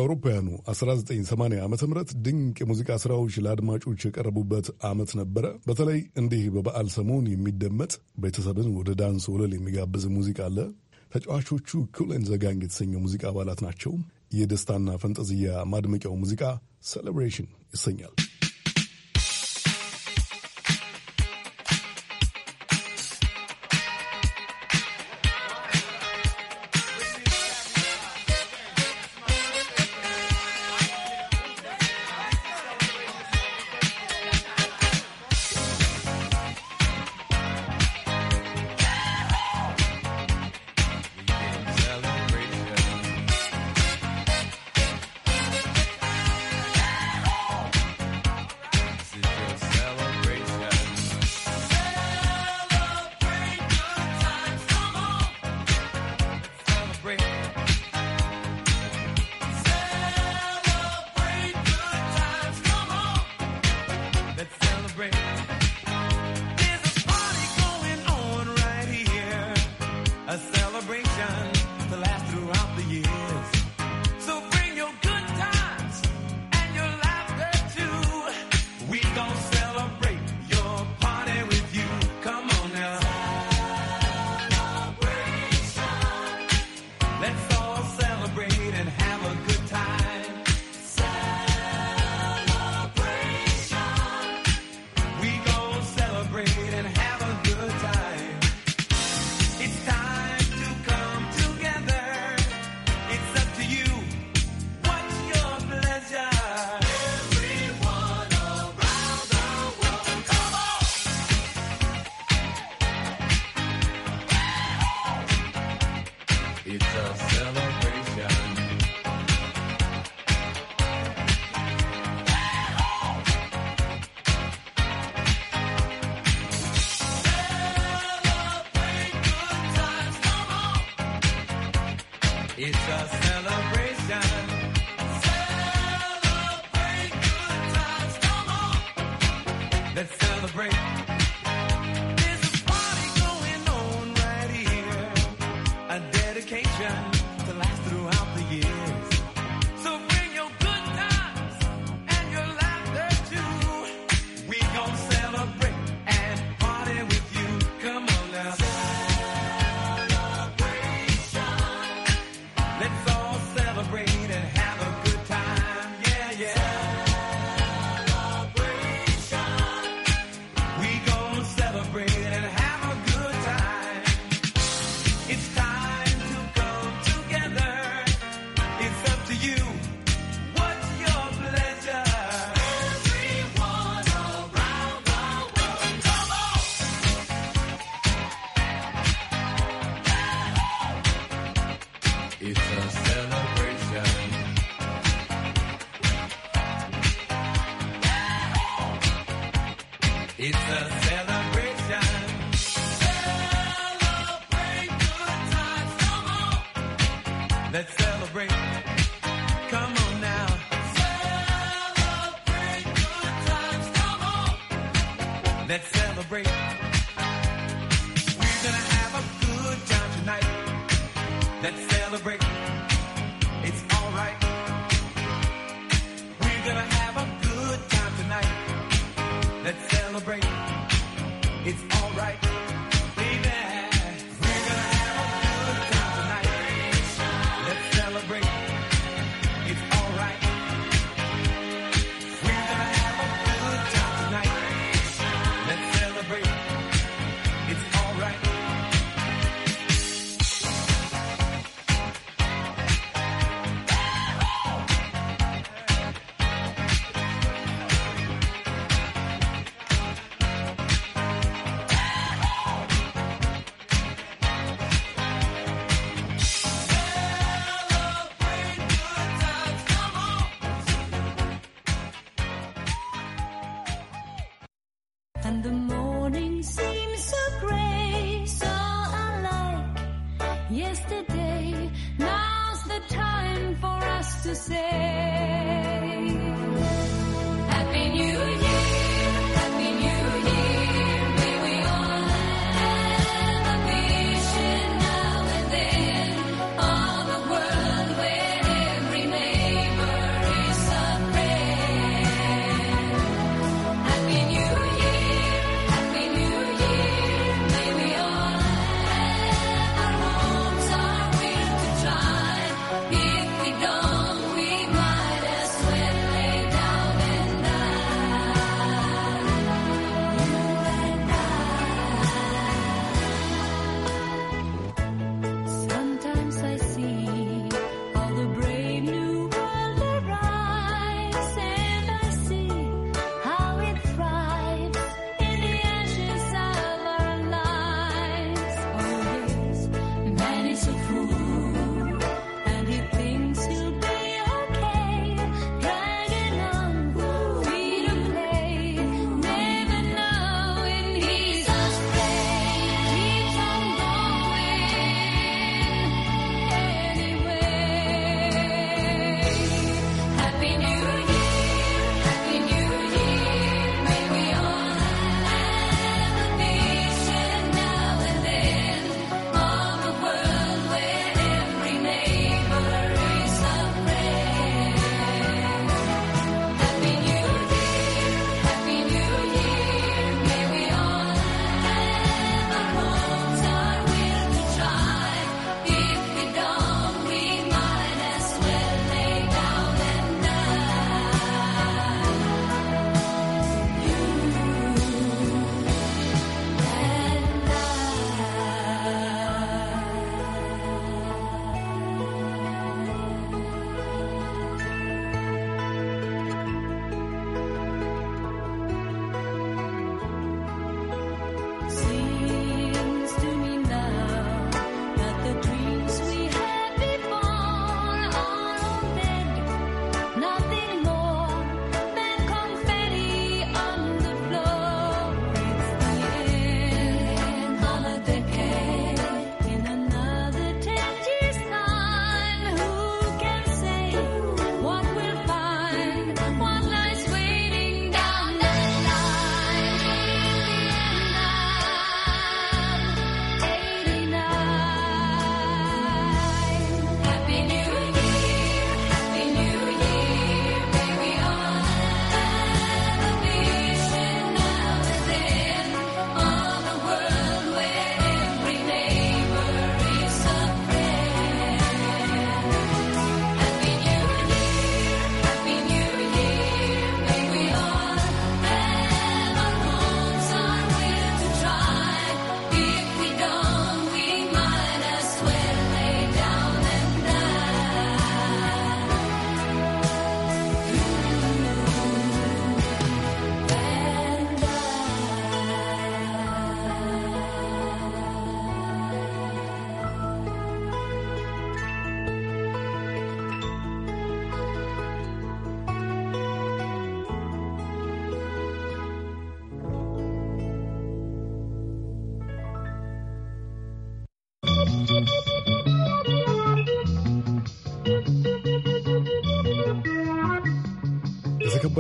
የአውሮፓውያኑ 1980 ዓ ም ድንቅ የሙዚቃ ስራዎች ለአድማጮች የቀረቡበት ዓመት ነበረ። በተለይ እንዲህ በበዓል ሰሞን የሚደመጥ ቤተሰብን ወደ ዳንስ ወለል የሚጋብዝ ሙዚቃ አለ። ተጫዋቾቹ ኩሌን ዘጋንግ የተሰኘው ሙዚቃ አባላት ናቸው። የደስታና ፈንጠዝያ ማድመቂያው ሙዚቃ ሴሌብሬሽን ይሰኛል።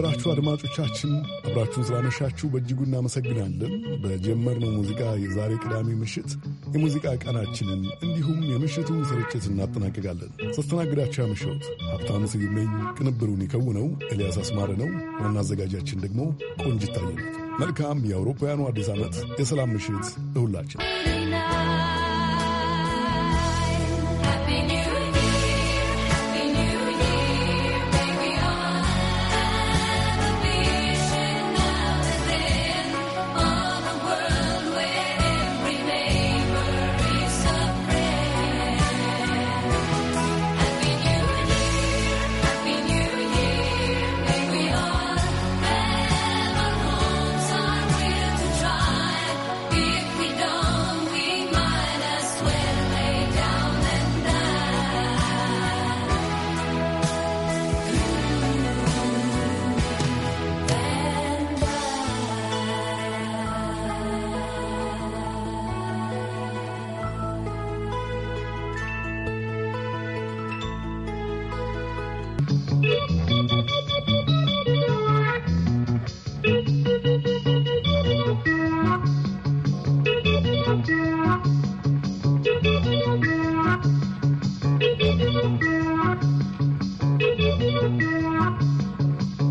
የተከበራችሁ አድማጮቻችን አብራችሁን ስላመሻችሁ በእጅጉ እናመሰግናለን። በጀመርነው ሙዚቃ የዛሬ ቅዳሜ ምሽት የሙዚቃ ቀናችንን እንዲሁም የምሽቱን ስርጭት እናጠናቅቃለን። ሳስተናግዳችሁ ያመሸሁት ሀብታም ስዩመኝ፣ ቅንብሩን የከውነው ኤልያስ አስማረ ነው። ዋና አዘጋጃችን ደግሞ ቆንጅት ታየ መልካም የአውሮፓውያኑ አዲስ ዓመት፣ የሰላም ምሽት እሁላችን